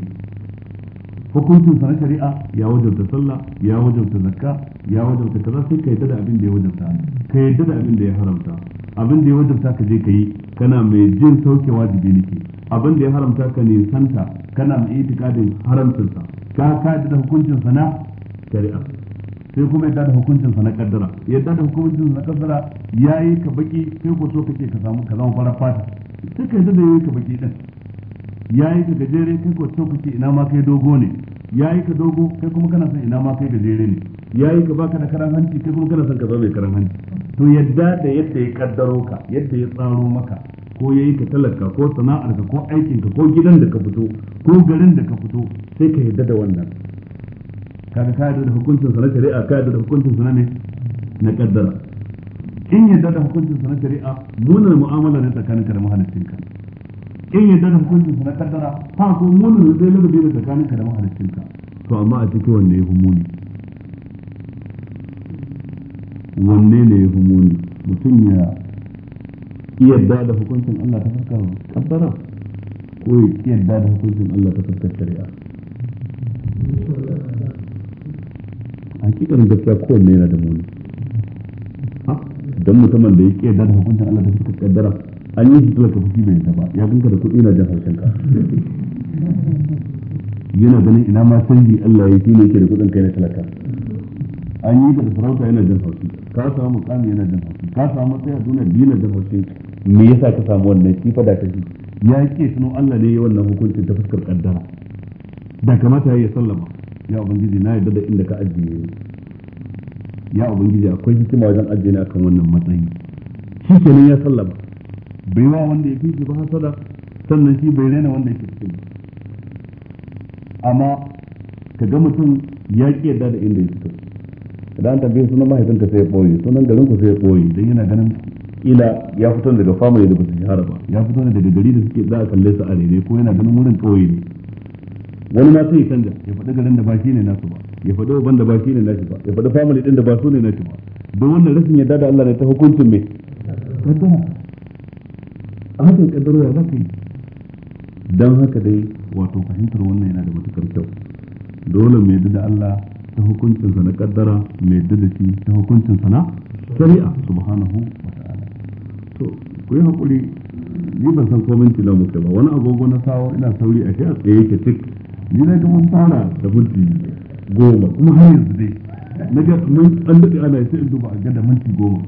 hukuncinsa na ya wajabta sallah ya wajabta zakka ya wajabta kaza sai ka yadda da abin da ya wajabta ka yadda da abin ya haramta abin ya wajabta ka je ka kana mai jin sauke wajibi nake abin da ya haramta ka ne santa kana mai itikadin ka ka da hukuncinsa na shari'a sai kuma yadda da hukuncin sa na kaddara yadda da hukuncin sa na kaddara yayi ka baki sai ko so kake ka samu ka zama fara fata sai ka yadda da yayi ka baki din yayi ka gajere kai ko so kake ina ma kai dogo ne yayi ka dogo kai kuma kana son ina ma kai gajere ne yayi ka baka da karan hanci kai kuma kana son ka zama mai karan hanci to yadda da yadda ya kaddaro ka yadda ya tsaro maka ko yayi ka talaka ko sana'arka ko aikinka ko gidan da ka fito ko garin da ka fito sai ka yadda da wannan kaga ka yarda da hukuncin sa na shari'a ka yarda da hukuncin sa ne na kaddara in yarda da hukuncin sa na shari'a munar mu'amala ne tsakanin ka da mahalicin ka in yarda da hukuncin sa na kaddara fa ko munar da lalabi da tsakanin ka da mahalicin ka to amma a cikin wanne ya fi muni wanne ne ya fi muni mutum ya yarda da hukuncin Allah ta fuskar kaddara ko ya yarda da hukuncin Allah ta fuskar shari'a hakikanin gaskiya kowanne yana da muni don mutumin da ya ke da hukuncin Allah da suka kaddara an yi shi zuwa ka fushi bai ba ya ganka da kuɗi na jan harshen ka yana ganin ina ma canji Allah ya ne yake da kuɗin kai na talaka an yi da sarauta yana jan harshen ka samu mukami yana jan harshen ka samu matsaya duniya biyu na jan harshen me yasa ka samu wannan shi da ka ya ke tuno Allah ne ya wannan hukuncin ta fuskar kaddara da kamata ya sallama ya ubangiji na yarda da inda ka ajiye ni ya ubangiji akwai hikima wajen ajiye ni akan wannan matsayi shi kenan ya sallama bai wa wanda ya fi shi ba hasada sannan shi bai raina wanda yake cikin amma ka ga mutum ya ki yarda da inda ya fito idan an tambaye sunan mahaifinka sai ya ɓoye sunan garin ku sai ya ɓoye don yana ganin ila ya fito daga family da ba su shahara ba ya fito ne daga gari da suke za a kalle su a rere ko yana ganin wurin ƙoye ne wani na sai canja ya faɗi garin da ba shi ne nasu ba ya faɗi uban da ba shi ne nasu ba ya faɗi family din da ba su ne nasu ba don wannan rashin yadda da Allah ne ta hukuncin me kaddara a hakan kaddaro ya zaka yi dan haka dai wato fahimtar wannan yana da matukar kyau dole mai yadda da Allah ta hukuncin sa na kaddara mai yadda da shi ta hukuncin sa na shari'a subhanahu wa ta'ala to ku yi hakuri ni ban san komai kilo muke ba wani agogo na sawo ina sauri a shi a tsaye ke tik ni na ga mun fara da minti goma kuma har yanzu dai na ga mun an daɗe ana sai in duba a ga da minti goma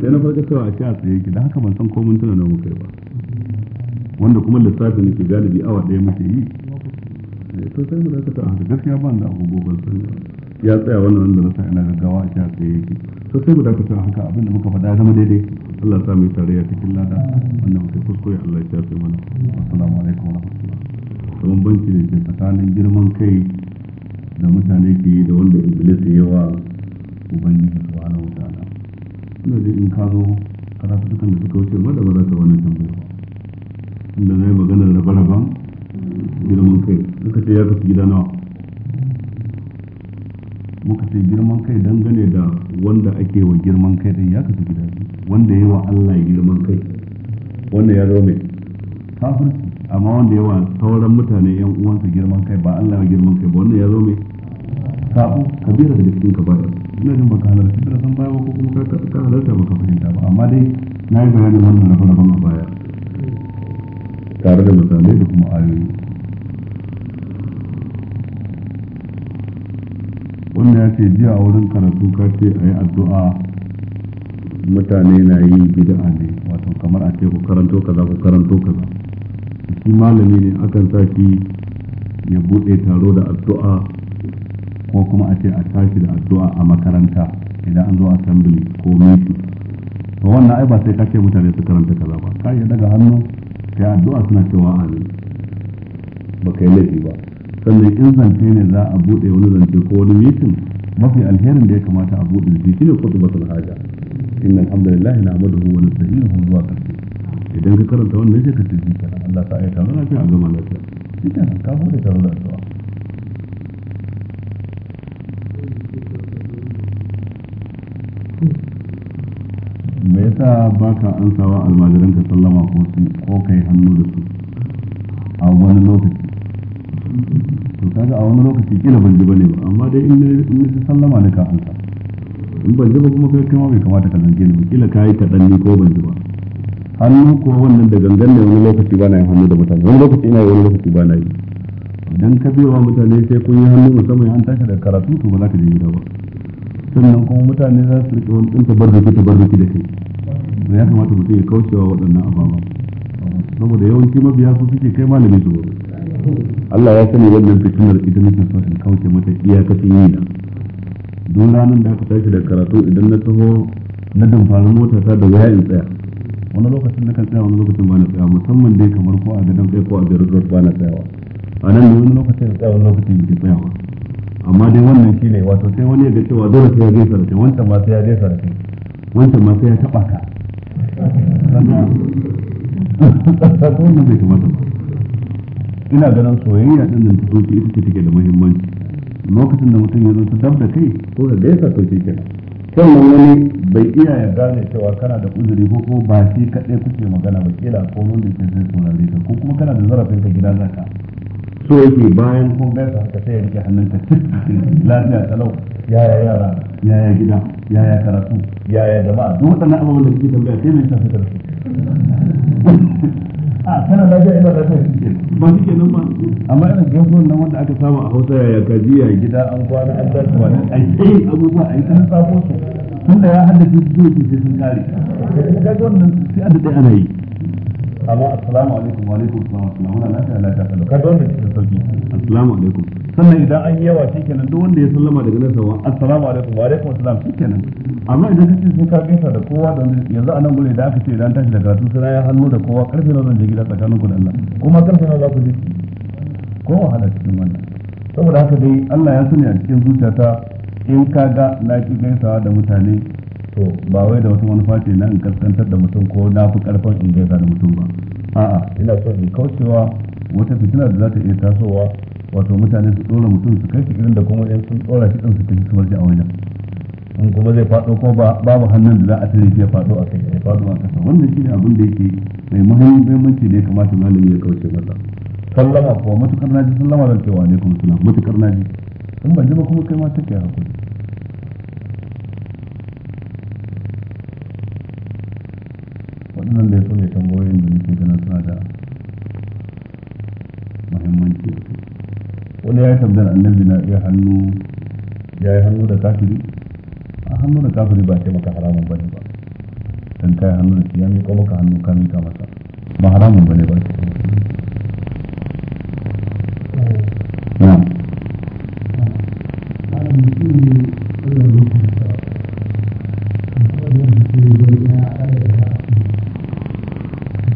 sai na farka cewa a ce a tsaye ki da haka ban san ko mintuna nawa muka yi ba wanda kuma lissafin ne ke galibi awa ɗaya muke yi eh, to sai mu dakata a haka gaskiya ban da agogo ban san ya tsaya wannan wanda na sa ina gaggawa a ce a tsaye yake to sai mu dakata a haka abinda muka faɗa zama daidai Allah sa mu yi tarayya cikin lada wannan muka kuskure Allah ya shafe mana assalamu alaikum warahmatullahi bambanci da ke tsakanin girman kai da mutane ke yi da wanda iblis ya yawa ubangiji subhanahu wuta na inda ji in ka zo karatu dukan da suka wuce ma da ba za ka wani tambaya ba inda na yi maganar da raben girman kai suka ce ya kasu gida nawa muka ce girman kai dangane da wanda ake wa girman kai din ya kasu gida wanda ya wa Allah girman kai wannan ya zo mai kafirci amma wanda yawa sauran mutane yan uwansa girman kai ba Allah girman kai ba wannan ya zo mai sabo kabira daga cikin bayar ina jin baka halarta da san baya ko kuma ka halarta baka fahimta ba amma dai na yi bayanin wannan na fara ban baya tare da misalai da kuma ayoyi wannan ya ce jiya a wurin karatu ka ce a yi addu'a mutane na yi bid'a ne wato kamar a ce ku karanto kaza ku karanto kaza shi malami ne akan sa shi ya buɗe taro da addu'a ko kuma a ce a tashi da addu'a a makaranta idan an zo assembly ko meeting to wannan ai ba sai ka mutane su karanta kaza ba ka yi daga hannu ka yi addu'a suna cewa amin ba kai laifi ba sannan in zance ne za a buɗe wani zance ko wani meeting mafi alherin da ya kamata a buɗe shi shine kutubatul haja innal hamdalillahi na'maduhu wa nasta'inuhu wa nastaghfiruh idan ka karanta wannan shi ka tafi ji kenan Allah ta aika mana sai a gama lafiya shi kenan ka hude tare da addu'a me yasa baka ansawa almajiran ka sallama ko su ko kai hannu da su a wani lokaci to kaga a wani lokaci kila ban ji bane ba amma dai in ne sallama ne ka ansa in ban ji ba kuma kai kama bai kamata ka zance ni ba kila kai kaɗan ni ko ban ji ba hannu ko wannan da gangan ne wani lokaci ba na yin hannu da mutane wani lokaci ina yi wani lokaci ba na yi idan ka biya wa mutane sai kun yi hannu musamman an tashi da karatu to ba za ka je gida ba sannan kuma mutane za su riƙe wani ɗinta barzuki ta barzuki da kai ba ya kamata mutum ya kaucewa waɗannan ababa saboda yawanci mabiya su suke kai malami su Allah ya sani wannan fitinar idan na so in kauce mata iyakacin yi na don ranar da aka tashi da karatu idan na taho na damfarin mota ta da waya in tsaya wani lokacin na kan tsaya wani lokacin ba na tsaya musamman dai kamar ko a gadon kai ko a garin road ba na tsayawa a nan ne wani lokacin da tsaya wani lokacin da ke tsayawa amma dai wannan shi ne wato sai wani ya ga cewa dole sai ya gaisa da kai wancan ma sai ya gaisa da kai wancan ma sai ya taɓa ka wannan bai kamata ba ina ganin soyayya din nan ta ita ce take da muhimmanci lokacin da mutum ya zo ta dab da kai ko da gaisa to shi kenan sannan wani bai iya ya gane cewa kana da uzuri ko kuma ba shi kaɗai kuke magana ba kila ko mun da sai saurare ka ko kuma kana da zarafin ka gida zaka so yake bayan kun gaisa ka sai ya hannun ka lafiya talau yaya yara yaya gida yaya karatu yaya jama'a duk wannan abubuwan da kike tambaya sai mai sa su a ah, kana lafiya ina lafiya shi ke ba shi ke nan ba amma irin gaskon nan wanda aka samu a hausa ya kaji ya gida an kwana an tashi ba nan an yi abubuwa an kan tsafo su da ya haddace su zuwa su sai sun kare gaskon nan sai a da ana yi amma assalamu alaikum wa alaikum assalam assalamu alaikum lafiya lafiya kallo ka zo da cikin sauki assalamu alaikum sannan idan an yawa shikenan duk wanda ya sallama daga nan sama assalamu alaikum wa alaikum assalam shikenan amma idan ka ce sai ka gaisa da kowa don yanzu a nan gure da aka ce idan tashi da karatu sai ya hannu da kowa karfe na zan je gida tsakanin ku da Allah kuma karfe na za ku je ko wahala cikin wannan saboda haka dai Allah ya sani a cikin zuciyata in ka ga na ki gaisawa da mutane to ba wai da wata manufa ce na in kaskantar da mutum ko na fi karfin in gaisa da mutum ba a'a ina so in kaucewa wata fitina da za ta iya tasowa wato mutane su dora mutum su kai shi irin da kuma yan sun dora shi din su tafi su warje a wajen in kuma zai faɗo ko ba babu hannun da za a tare shi ya faɗo a kai ya fado a kasa wannan shine abin da yake mai muhimmanci da ya kamata malami ya kauce masa sallama ko matukar naji sallama da cewa kuma salam matukar naji in ban ji ba kuma kai ma take hakuri waɗannan da ya tsoye tambayoyin da nake ganin suna da muhimmanci wani ya yi tambayar annabi na iya hannu ya yi hannu da kafiri a hannu da kafiri ba ce maka haramun bane ba dan kai hannu da shi ya miƙa maka hannu ka miƙa masa ba haramun bane ba ce Thank you.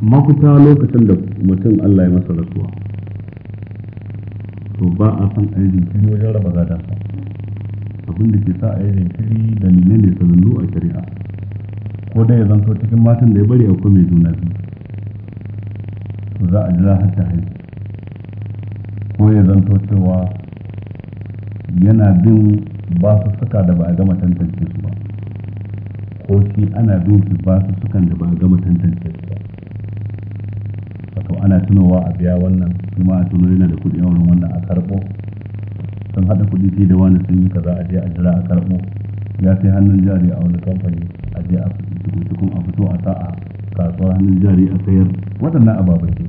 makuta lokacin da mutum Allah ya masa rasuwa to ba a san ayi ne wajen raba gadansa abin da ke sa a yi jinkiri dalilai ne sanannu a shari'a ko dai ya zanto cikin matan da ya bari akwai mai juna biyu to za a jira har ta haihu ko ya zanto cewa yana bin ba su suka da ba a gama tantance su ba ko shi ana bin su ba su sukan da ba a gama tantance su ba wato ana tunowa a biya wannan kuma a tuno yana da kuɗi a wannan a karɓo sun haɗa kuɗi sai da wani sun yi kaza a je a jira a karɓo ya sai hannun jari a wani kamfani a je a cikin a fito a sa a hannun jari a sayar waɗannan ababai ce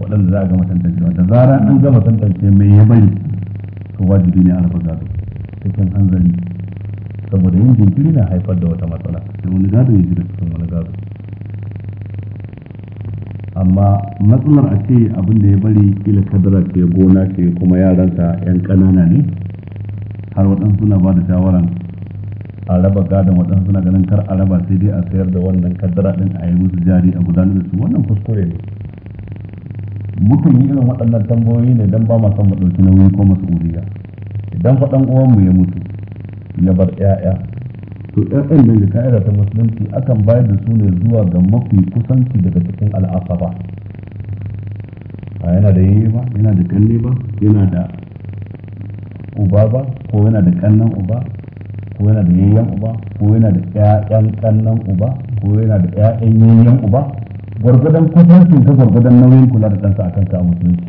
waɗanda za a gama tantance wanda zara an gama tantance mai ya bari to wajibi ne a rufe gado cikin hanzari saboda yin jinkiri na haifar da wata matsala sai wani gado ya shiga cikin wani gado amma matsalar a ce abin da ya bari kila kadara ke gona ce kuma yaransa yan ƙanana ne har waɗansu na ba da shawaran a raba gadon waɗansu na ganin kar a raba sai dai a sayar da wannan kadara ɗin a yi musu jari a gudanar da su wannan kuskure ne mukan yi irin waɗannan tambayoyi ne don ba ma son mu ɗauki nauyi ko mas'uliya idan faɗan uwanmu ya mutu ya bar 'ya'ya to ƴaƴan nan da ka'ida ta musulunci akan bayar da su ne zuwa ga mafi kusanci daga cikin al'asaba a yana da yayi ba yana da kanne ba yana da uba ba ko yana da kannan uba ko yana da yayyan uba ko yana da ƴaƴan kannan uba ko yana da ƴaƴan yayyan uba gwargwadon kusancin ka gwargwadon nauyin kula da kansa a kansa a musulunci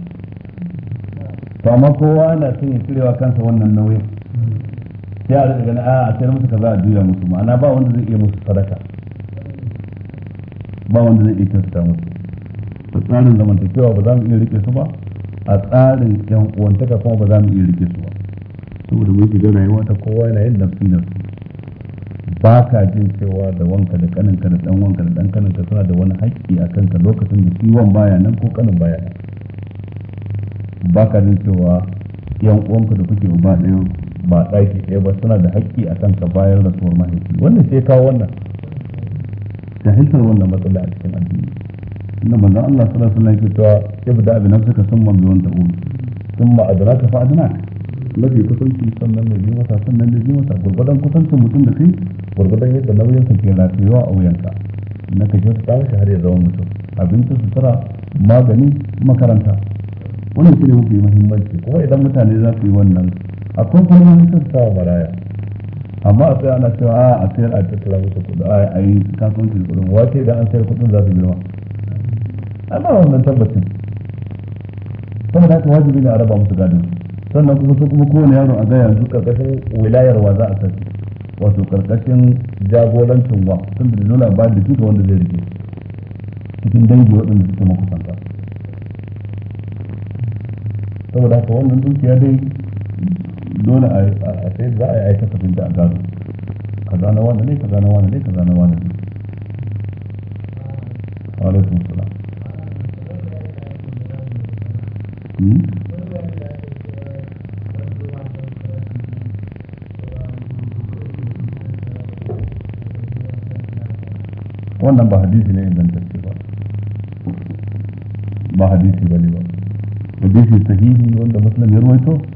to amma kowa na son ya cirewa kansa wannan nauyin Ah, sai a rika ganin a a sayar musu kaza a juya musu ma'ana ba wanda zai iya musu sadaka ba wanda zai iya kyautata musu a tsarin zamantakewa ba za mu iya rike su ba a tsarin yan uwantaka kuma ba za mu iya rike su ba saboda mun shiga rayuwa ta kowa yana yin nafsi su ba ka jin cewa da wanka da kaninka da dan wanka da dan kaninka suna da wani haƙƙi a kanka lokacin da shi wan baya nan ko kanin baya nan ba ka jin cewa yan uwanka da kuke uba ɗaya ba ɗaki ɗaya ba suna da haƙƙi a kanka bayan rasuwar mahaifi wannan sai kawo wannan jahiltar wannan matsala a cikin addini inda manzon Allah sallallahu alaihi wasallam yake cewa ibda bi nafsika summa bi wanda um summa adraka fa adnak mafi kusanci sannan mai bi masa sannan mai bi masa gurgurdan kusancin mutum da kai gurgurdan yadda nauyin sa ke rafewa a wuyanka na ka kyauta tsara shi har ya zama mutum abinci sutura magani makaranta wannan shi ne mafi muhimmanci kuma idan mutane za su yi wannan akwai kalmomin sun sa baraya amma a tsaye ana cewa a a sayar a tattara musu kuɗi a a yi kasuwanci da kuɗin wace da an sayar kuɗin za su girma ai ba wannan tabbacin saboda haka wajibi ne a raba musu gadon sannan kuma su kuma kowane yaro a ga yanzu karkashin wilayar wa za a sa wato karkashin jagorancin wa tun da nuna a da ga wanda zai rike cikin dangi waɗanda suke makusanta saboda haka wannan dukiya dai dole a sai za a yi kasafin da a gado kaza na wani ne kaza na wani ne kaza na wani ne alaikum salam wannan ba hadisi ne ingantacce ba ba hadisi ba ne ba hadisi sahihi wanda muslim ya ruwaito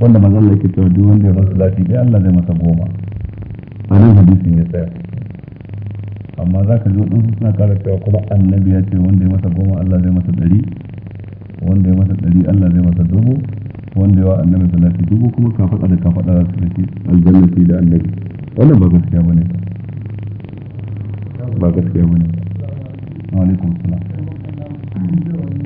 wanda manzon Allah yake cewa duk wanda ya masa lati dai Allah zai masa goma a nan hadisin ya tsaya amma za ka zo ɗin suna ƙara cewa kuma annabi ya ce wanda ya masa goma Allah zai masa ɗari wanda ya masa ɗari Allah zai masa dubu wanda yawa annabi salati dubu kuma ka faɗa da ka faɗa za su tafi aljanna da annabi wannan ba gaskiya bane ba gaskiya bane wa alaikum salam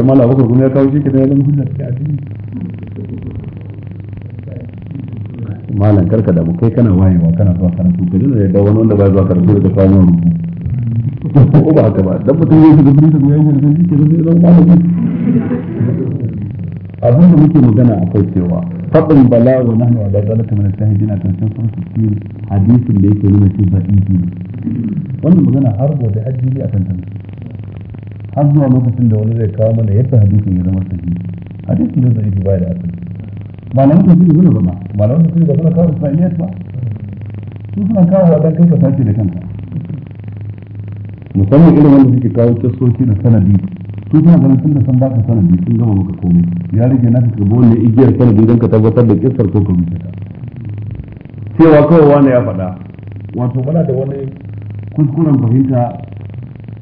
idan mala bakar kuma ya kawo shi ke a malam karka da kai kana wayewa kana zuwa karatu ka jira da wani wanda ba zuwa karatu da kawo yawan rubu ko ba haka ba dan mutum ya shiga birnin ya shiga birnin ke zai zama malami abin da muke magana akwai cewa fadin bala nahnu ala zalika min al-shahidina karshen farko shi hadisin da yake nuna shi ba idi wannan magana har da ajili a tantance har zuwa lokacin da wani zai kawo mana yadda hadisin ya zama sahihi hadisin ne da yake baya da asali malamin tafsiri bane ba malamin tafsiri ba suna kawo isra'iliyat ba su suna kawo dan kai ka sace da kanka musamman irin wanda suke kawo kisoci da sanadi su suna ganin sun da san baka sanadi sun gama maka komai ya rage na ka gaba wannan igiyar sanadi don ka tabbatar da kisar ko ka rubuta cewa kawai wani ya faɗa wato kana da wani kuskuren fahimta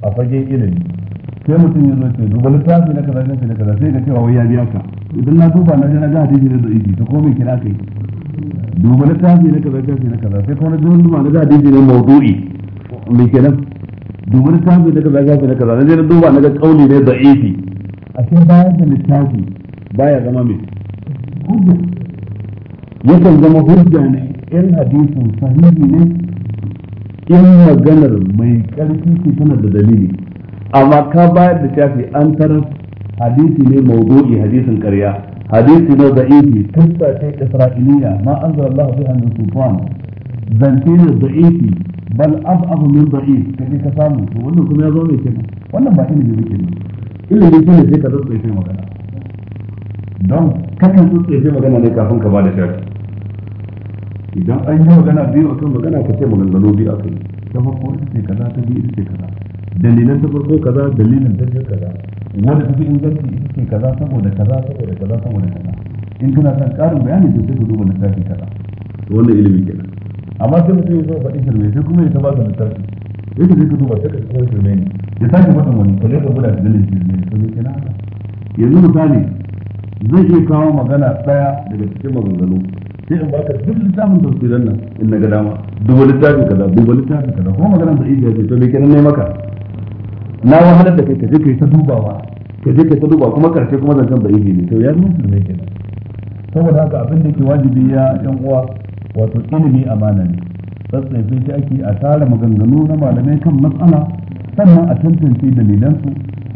a fagen ilimi sai mutum ya zo ce duba littafi na kaza na kaza sai ka cewa wai ya biya ka idan na duba na je na ga hadisi na da'ifi to ko kira kai duba littafi na kaza sai na kaza sai kuma na duba na ga hadisi na mawdu'i me kenan duba littafi na kaza na kaza na je na duba na ga kauli ne da'ifi a sai bayan da littafi baya zama me hujja yakan zama hujja ne in hadisin sahihi ne in maganar mai karfi ce tana da dalili amma ka bayar da tafi an tarar hadisi ne mawdu'i hadisin ƙarya hadisi ne da'ifi kissa ta isra'iliya ma anzala Allah biha min sultan zance ne da'ifi bal af'afu min da'if kaje ka samu to wannan kuma ya zo mai kenan wannan ba ilimi ne kenan ilimi ne sai ka zo tsaye magana don kakan zo tsaye magana ne kafin ka ba da shafi idan an yi magana biyu akan magana ka ce maganganu biyu akan ta farko ita ce kaza ta biyu ita ce kaza dalilan ta farko kaza dalilin ta biyu kaza wanda fi inganci ita ce kaza saboda kaza saboda kaza saboda kaza in kana son karin bayani to sai ka duba littafi kaza wannan ilimi kenan amma sai mutum ya zama faɗi shirme sai kuma ya ta baka littafi yake zai ka duba sai ka kuma shirme ne ya sake faɗin wani ka leka guda da dalilin shirme ne kuma kenan haka yanzu misali zai iya kawo magana ɗaya daga cikin maganganu sai in baka duk littafin tafsirin nan in na ga dama duba littafin kaza duba littafin kaza kuma magana da iya ce to me kenan ne maka na wahalar da kai ka je ka yi ta dubawa ka je ka yi ta dubawa kuma karshe kuma zancen bai ne to ya sun ne kenan saboda haka abin da ke wajibi ya yan uwa wato ilimi amana ne sun shi ake a tara maganganu na malamai kan matsala sannan a tantance dalilansu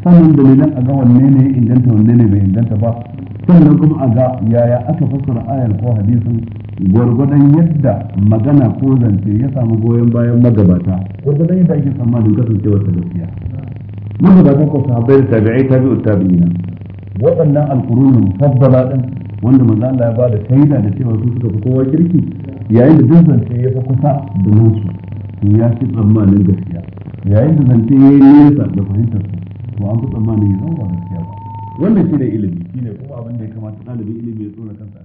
sannan dalilan a ga wanne ne inganta wanne ne bai inganta ba sannan kuma a ga yaya aka fassara ayar ko hadisin gwargwadon yadda magana ko zance ya samu goyon bayan magabata gwargwadon yadda ake tsammanin kasancewar ta gaskiya magabatan ko sahabbai da ta tabi'ut tabi'ina waɗannan alqurunul mufaddala din wanda manzo Allah ya bada shaida da cewa su suka fi kowa kirki yayin da duk zance ya fi kusa da nasu to ya fi tsammanin gaskiya yayin da zance ya yi nesa da fahimtar to an fi tsammanin ya zama gaskiya ba wannan shine ilimi shine kuma abin da ya kamata ilimi ya tsora